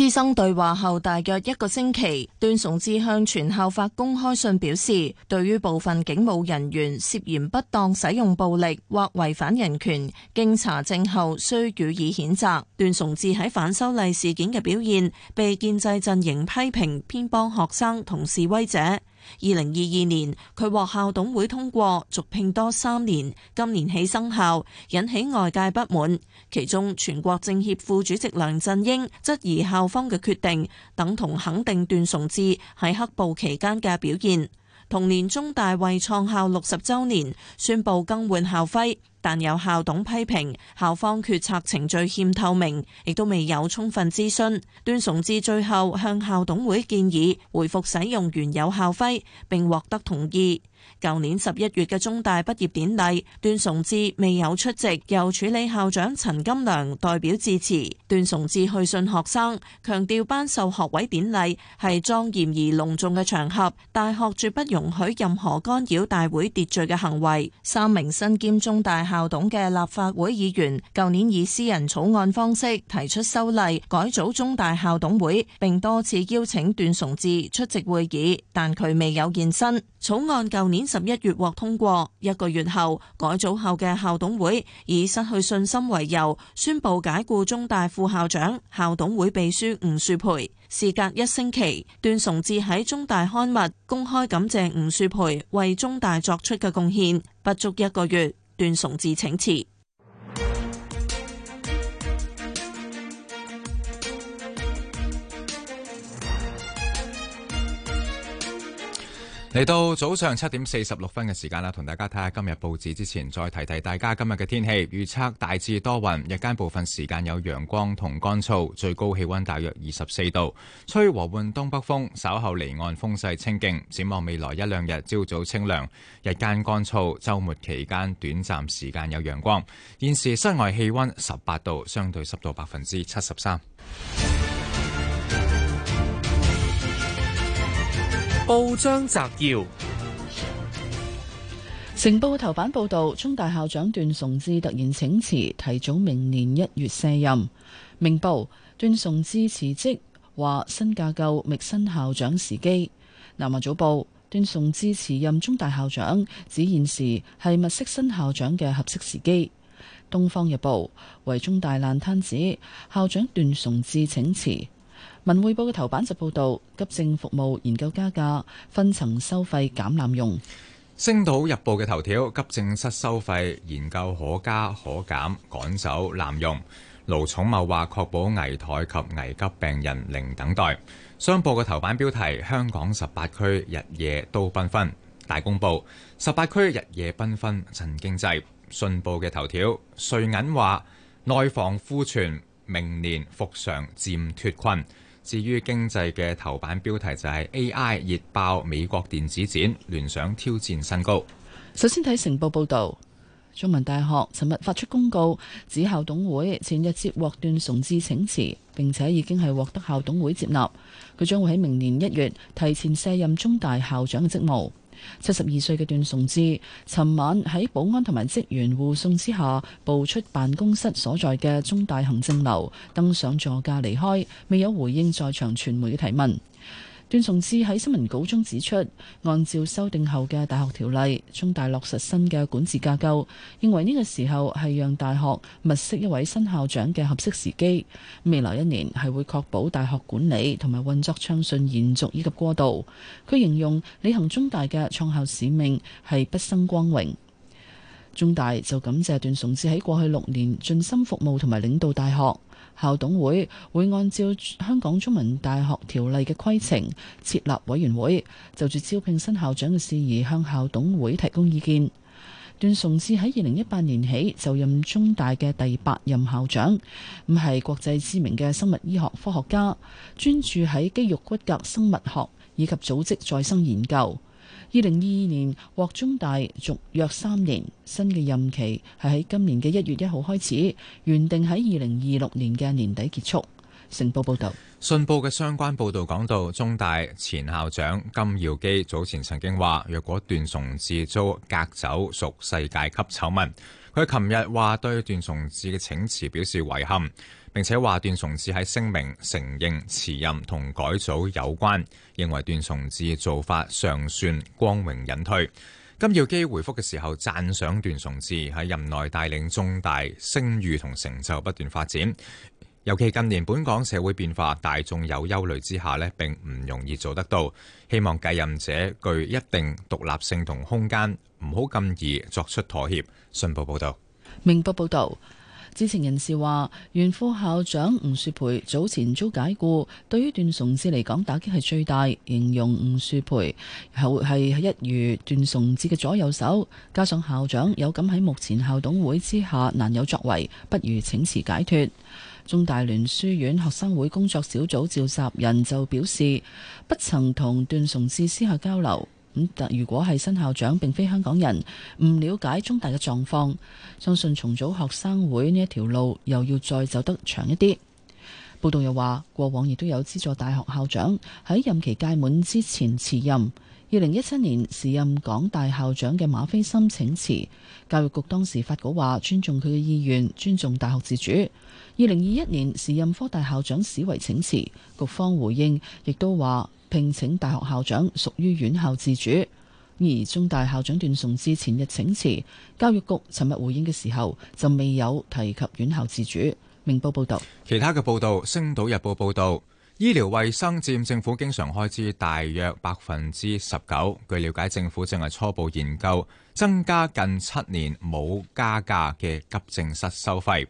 Speaker 11: 師生
Speaker 18: 對話後大約一個星期，段崇智向全校發公開信表示，對於部分警務人員涉嫌不當使用暴力或違反人權，經查證後需予以譴責。段崇智喺反修例事件嘅表現被建制陣營批評，偏幫學生同示威者。二零二二年，佢獲校董會通過續聘多三年，今年起生效，引起外界不滿。其中，全國政協副主席梁振英質疑校方嘅決定等同肯定段崇智喺黑暴期間嘅表現。同年，中大為創校六十週年宣佈更換校徽，但有校董批評校方決策程序欠透明，亦都未有充分諮詢。段崇智最後向校董會建議回復使用原有校徽，並獲得同意。舊年十一月嘅中大畢業典禮，段崇智未有出席，由處理校長陳金良代表致辭。段崇智去信學生，強調頒授學位典禮係莊嚴而隆重嘅場合，大學絕不容許任何干擾大會秩序嘅行為。三名身兼中大校董嘅立法會議員，舊年以私人草案方式提出修例改組中大校董會，並多次邀請段崇智出席會議，但佢未有現身。草案舊年十一月獲通過，一個月後，改組後嘅校董會以失去信心為由，宣布解雇中大副校長、校董會秘書吳樹培。事隔一星期，段崇智喺中大刊物公開感謝吳樹培為中大作出嘅貢獻。不足一個月，段崇智請辭。
Speaker 4: 嚟到早上七點四十六分嘅時間啦，同大家睇下今日報紙之前，再提提大家今日嘅天氣預測，大致多雲，日間部分時間有陽光同乾燥，最高氣溫大約二十四度，吹和緩東北風，稍後離岸風勢清勁。展望未來一兩日，朝早清涼，日間乾燥，週末期間短暫時間有陽光。現時室外氣溫十八度，相對濕度百分之七十三。 (music) 報章摘要：
Speaker 3: 成報頭版報道，中大校長段崇智突然請辭，提早明年一月卸任。明報：段崇智辭職，話新架構覓新校長時機。南華早報：段崇智辭任中大校長，指現時係物色新校長嘅合適時機。東方日報：為中大爛攤子，校長段崇智請辭。文匯報嘅頭版就報道，急症服務研究加價分層收費減濫用。
Speaker 4: 星島日報嘅頭條：急症室收費研究可加可減，趕走濫用。盧寵茂話：確保危殆及危急病人零等待。商報嘅頭版標題：香港十八區日夜都繽紛。大公報，十八區日夜繽紛陳經濟。信報嘅頭條：瑞銀話內房庫存明年復常漸脫困。至於經濟嘅頭版標題就係 AI 熱爆美國電子展，聯想挑戰新高。
Speaker 3: 首先睇成報報導，中文大學尋日發出公告，指校董會前日接獲段崇智請辭，並且已經係獲得校董會接納，佢將會喺明年一月提前卸任中大校長嘅職務。七十二歲嘅段崇智，尋晚喺保安同埋職員護送之下，步出辦公室所在嘅中大行政樓，登上座駕離開，未有回應在場傳媒嘅提問。段崇智喺新聞稿中指出，按照修訂後嘅大學條例，中大落實新嘅管治架構，認為呢個時候係讓大學物色一位新校長嘅合適時機。未來一年係會確保大學管理同埋運作暢順、延續以及過渡。佢形容履行中大嘅創校使命係畢生光榮。中大就感謝段崇智喺過去六年盡心服務同埋領導大學。校董會會按照香港中文大學條例嘅規程設立委員會，就住招聘新校長嘅事宜向校董會提供意見。段崇智喺二零一八年起就任中大嘅第八任校長，咁係國際知名嘅生物醫學科學家，專注喺肌肉骨骼生物學以及組織再生研究。二零二二年獲中大續約三年，新嘅任期係喺今年嘅一月一號開始，原定喺二零二六年嘅年底結束。成報報道，
Speaker 4: 信報嘅相關報道講到，中大前校長金耀基早前曾經話，若果段崇智遭革走屬世界級醜聞。佢琴日話對段崇智嘅請辭表示遺憾。並且話段崇智喺聲明承認辭任同改組有關，認為段崇智做法尚算光榮引退。金耀基回復嘅時候讚賞段崇智喺任內帶領中大聲譽同成就不斷發展，尤其近年本港社會變化，大眾有憂慮之下呢並唔容易做得到。希望繼任者具一定獨立性同空間，唔好咁易作出妥協。信報報道，
Speaker 3: 明報報道。知情人士話，原副校長吳樹培早前遭解僱，對於段崇智嚟講打擊係最大，形容吳樹培係係一如段崇智嘅左右手，加上校長有感喺目前校董會之下難有作為，不如請辭解脫。中大聯書院學生會工作小組召集人就表示，不曾同段崇智私下交流。咁但如果係新校長並非香港人，唔了解中大嘅狀況，相信重組學生會呢一條路又要再走得長一啲。報道又話，過往亦都有資助大學校長喺任期屆滿之前辭任。二零一七年時任港大校長嘅馬斐森請辭，教育局當時發稿話尊重佢嘅意願，尊重大學自主。二零二一年時任科大校長史維請辭，局方回應亦都話。聘請大學校長屬於院校自主，而中大校長段崇智前日請辭，教育局尋日回應嘅時候就未有提及院校自主。明報報道，
Speaker 4: 其他嘅報道，《星島日報》報道，醫療衛生佔政府經常開支大約百分之十九。據了解，政府正係初步研究增加近七年冇加價嘅急症室收費。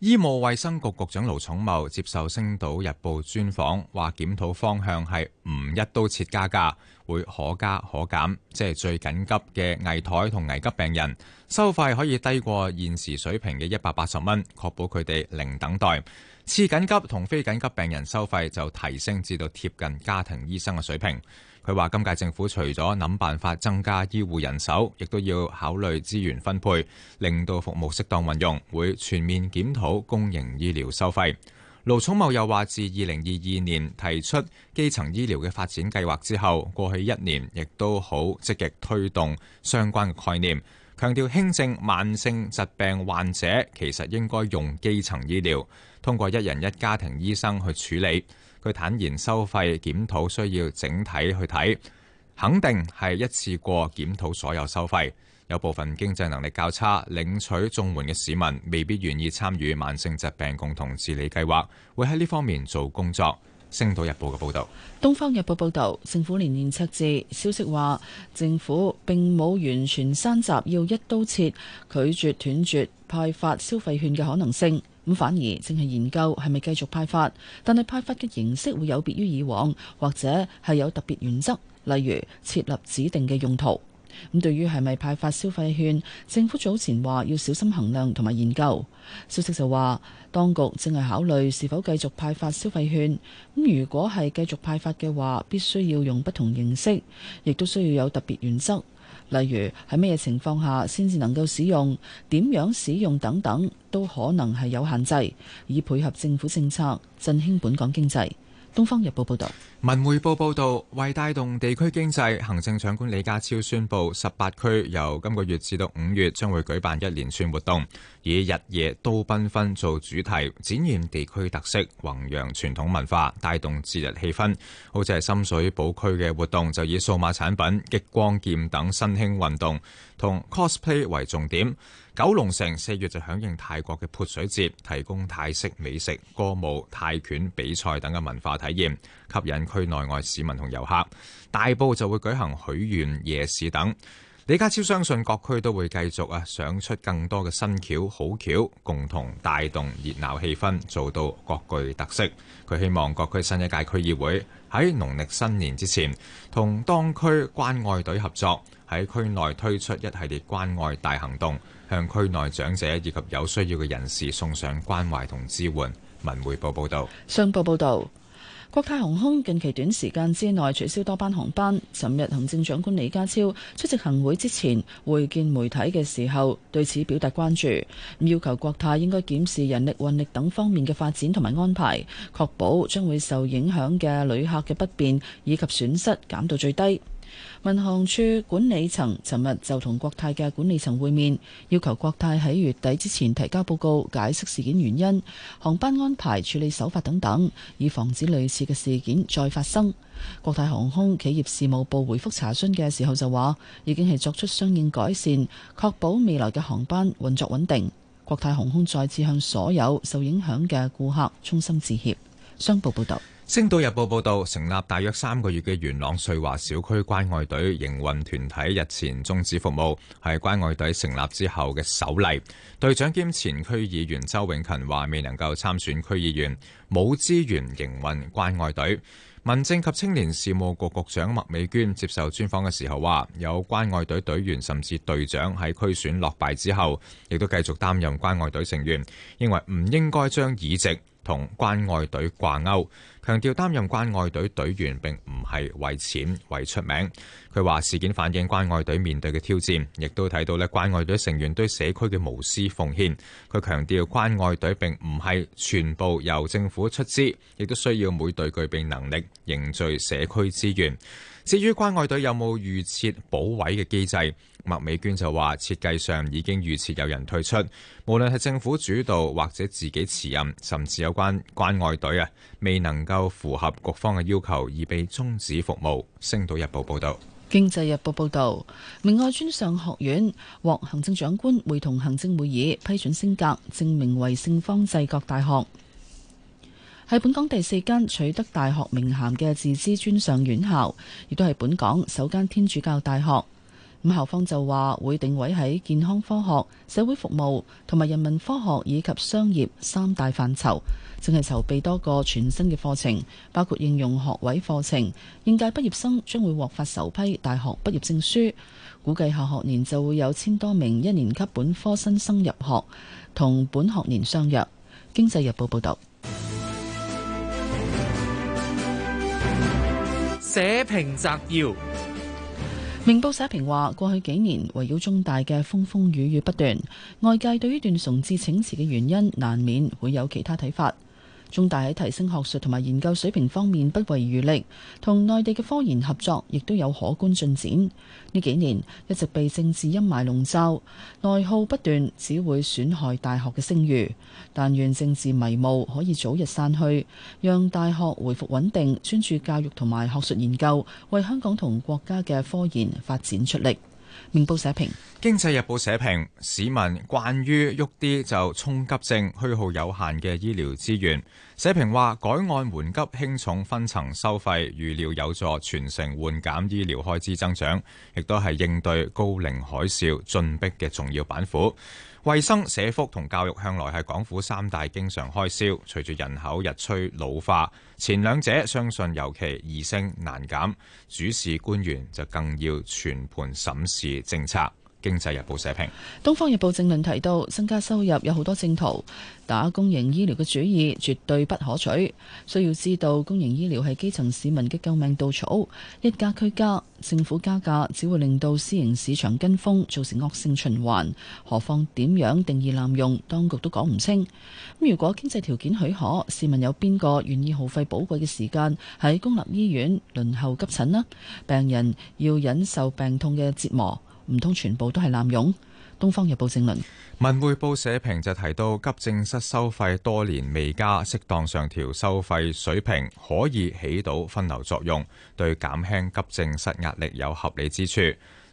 Speaker 4: 醫務衛生局局長盧寵茂接受《星島日報》專訪，話檢討方向係唔一刀切加價，會可加可減，即係最緊急嘅危殆同危急病人收費可以低過現時水平嘅一百八十蚊，確保佢哋零等待。次緊急同非緊急病人收費就提升至到貼近家庭醫生嘅水平。佢話今屆政府除咗諗辦法增加醫護人手，亦都要考慮資源分配，令到服務適當運用。會全面檢討公營醫療收費。盧寵茂又話，自二零二二年提出基層醫療嘅發展計劃之後，過去一年亦都好積極推動相關嘅概念，強調輕症、慢性疾病患者其實應該用基層醫療，通過一人一家庭醫生去處理。佢坦言，收費檢討需要整體去睇，肯定係一次過檢討所有收費。有部分經濟能力較差、領取綜援嘅市民，未必願意參與慢性疾病共同治理計劃，會喺呢方面做工作。星島日報嘅報導，
Speaker 3: 東方日報報導，政府連年赤字，消息話政府並冇完全閂閘，要一刀切，拒絕斷絕，斷絕派發消費券嘅可能性。咁反而正係研究係咪繼續派發，但係派發嘅形式會有別於以往，或者係有特別原則，例如設立指定嘅用途。咁對於係咪派發消費券，政府早前話要小心衡量同埋研究。消息就話當局正係考慮是否繼續派發消費券。咁如果係繼續派發嘅話，必須要用不同形式，亦都需要有特別原則，例如喺咩嘢情況下先至能夠使用，點樣使用等等。都可能係有限制，以配合政府政策，振興本港經濟。《東方日報》報道，
Speaker 4: 《文匯報》報道，為帶動地區經濟，行政長官李家超宣布，十八區由今個月至到五月，將會舉辦一連串活動，以日夜都繽紛做主題，展現地區特色，弘揚傳統文化，帶動節日氣氛。好似係深水埗區嘅活動，就以數碼產品、激光劍等新興運動同 cosplay 為重點。九龍城四月就響應泰國嘅潑水節，提供泰式美食、歌舞、泰拳比賽等嘅文化體驗，吸引區內外市民同遊客。大埔就會舉行許願、夜市等。李家超相信各區都會繼續啊想出更多嘅新橋好橋，共同帶動熱鬧氣氛，做到各具特色。佢希望各區新一屆區議會喺農曆新年之前，同當區關愛隊合作，喺區內推出一系列關愛大行動。向區內長者以及有需要嘅人士送上關懷同支援。文匯報報道：
Speaker 3: 「商報報道，國泰航空近期短時間之內取消多班航班。尋日行政長官李家超出席行會之前會見媒體嘅時候，對此表達關注，要求國泰應該檢視人力運力等方面嘅發展同埋安排，確保將會受影響嘅旅客嘅不便以及損失減到最低。民航處管理層尋日就同國泰嘅管理層會面，要求國泰喺月底之前提交報告，解釋事件原因、航班安排、處理手法等等，以防止類似嘅事件再發生。國泰航空企業事務部回覆查詢嘅時候就話，已經係作出相應改善，確保未來嘅航班運作穩定。國泰航空再次向所有受影響嘅顧客衷心致歉。商報報道。
Speaker 4: 《星島日報》報道，成立大約三個月嘅元朗瑞華小區關愛隊營運團體日前終止服務，係關愛隊成立之後嘅首例。隊長兼前區議員周永勤話：未能夠參選區議員，冇資源營運關愛隊。民政及青年事務局局長麥美娟接受專訪嘅時候話：有關愛隊隊員甚至隊長喺區選落敗之後，亦都繼續擔任關愛隊成員，認為唔應該將議席同關愛隊掛鈎。強調擔任關愛隊隊員並唔係為錢為出名。佢話事件反映關愛隊面對嘅挑戰，亦都睇到咧關愛隊成員對社區嘅無私奉獻。佢強調關愛隊並唔係全部由政府出資，亦都需要每隊具備能力，凝聚社區資源。至於關愛隊有冇預設補位嘅機制？麥美娟就話：設計上已經預設有人退出，無論係政府主導或者自己辭任，甚至有關關愛隊啊，未能夠符合局方嘅要求而被終止服務。星島日報報道：
Speaker 3: 經濟日報報道，明愛專上學院獲行政長官會同行政會議批准升格，正名為聖方濟各大學。係本港第四間取得大學名銜嘅自資專上院校，亦都係本港首間天主教大學。咁校方就話會定位喺健康科學、社會服務同埋人文科學以及商業三大範疇，正係籌備多個全新嘅課程，包括應用學位課程。應屆畢業生將會獲發首批大學畢業證書，估計下學年就會有千多名一年級本科新生入學，同本學年相若。經濟日報報導。社評摘要：明報社評話，過去幾年圍繞中大嘅風風雨雨不斷，外界對於段崇智請辭嘅原因，難免會有其他睇法。中大喺提升學術同埋研究水平方面不遺餘力，同內地嘅科研合作亦都有可觀進展。呢幾年一直被政治陰霾籠罩，內耗不斷，只會損害大學嘅聲譽。但願政治迷霧可以早日散去，讓大學回復穩定，專注教育同埋學術研究，為香港同國家嘅科研發展出力。明報社評。
Speaker 4: 經濟日報社評，市民慣於喐啲就衝急症，虛耗有限嘅醫療資源。社評話改按緩急輕重分層收費，預料有助全城緩減醫療開支增長，亦都係應對高齡海嘯進逼嘅重要板斧。衛生、社福同教育向來係港府三大經常開銷，隨住人口日趨老化，前兩者相信尤其易升難減，主事官員就更要全盤審視政策。《經濟日報》社評，
Speaker 3: 《東方日報》正論提到，增加收入有好多正途，打公營醫療嘅主意絕對不可取。需要知道，公營醫療係基層市民嘅救命稻草，一加區加，政府加價，只會令到私營市場跟風，造成惡性循環。何況點樣定義濫用，當局都講唔清。如果經濟條件許可，市民有邊個願意耗費寶貴嘅時間喺公立醫院輪候急診呢？病人要忍受病痛嘅折磨。唔通全部都係濫用？《東方日報》正論，
Speaker 4: 《文匯報》社評就提到，急症室收費多年未加，適當上調收費水平，可以起到分流作用，對減輕急症室壓力有合理之處。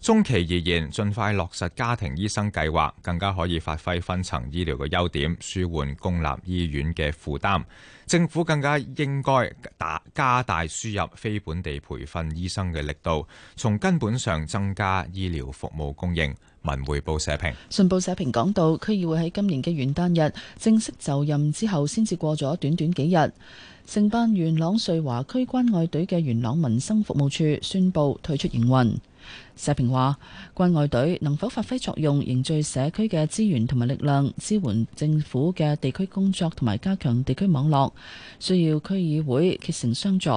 Speaker 4: 中期而言，盡快落實家庭醫生計劃，更加可以發揮分層醫療嘅優點，舒緩公立醫院嘅負擔。政府更加應該打加大輸入非本地培訓醫生嘅力度，從根本上增加醫療服務供應。文匯報社評。
Speaker 3: 信報社評講到，區議會喺今年嘅元旦日正式就任之後，先至過咗短短幾日，承辦元朗瑞華區關愛隊嘅元朗民生服務處宣布退出營運。社評話，關愛隊能否發揮作用，凝聚社區嘅資源同埋力量，支援政府嘅地區工作，同埋加強地區網絡，需要區議會竭誠相助。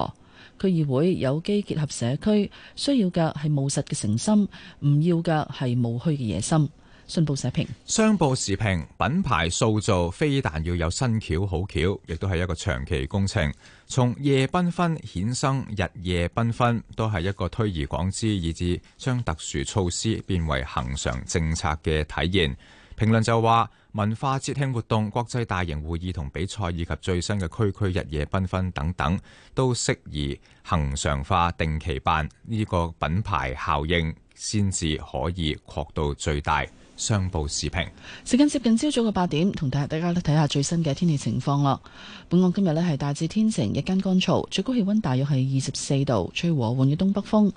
Speaker 3: 區議會有機結合社區，需要嘅係務實嘅誠心，唔要嘅係務虛嘅野心。信報時評，
Speaker 4: 商報時評，品牌塑造非但要有新橋好橋，亦都係一個長期工程。從夜繽紛衍生日夜繽紛，都係一個推而廣之以，以至將特殊措施變為恒常政策嘅體現。評論就話，文化節慶活動、國際大型會議、同比賽以及最新嘅區區日夜繽紛等等，都適宜恒常化、定期辦呢、這個品牌效應，先至可以擴到最大。商報視頻，
Speaker 3: 時間接近朝早嘅八點，同大家睇下最新嘅天氣情況啦。本港今日呢係大致天晴，日間乾燥，最高氣溫大約係二十四度，吹和緩嘅東北風。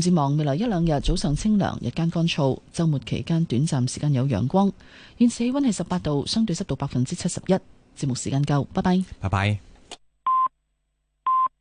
Speaker 3: 展望未來一兩日早上清涼，日間乾燥，週末期間短暫時間有陽光。現時氣溫係十八度，相對
Speaker 12: 濕度百分之七十一。節目時間夠，拜拜，拜拜。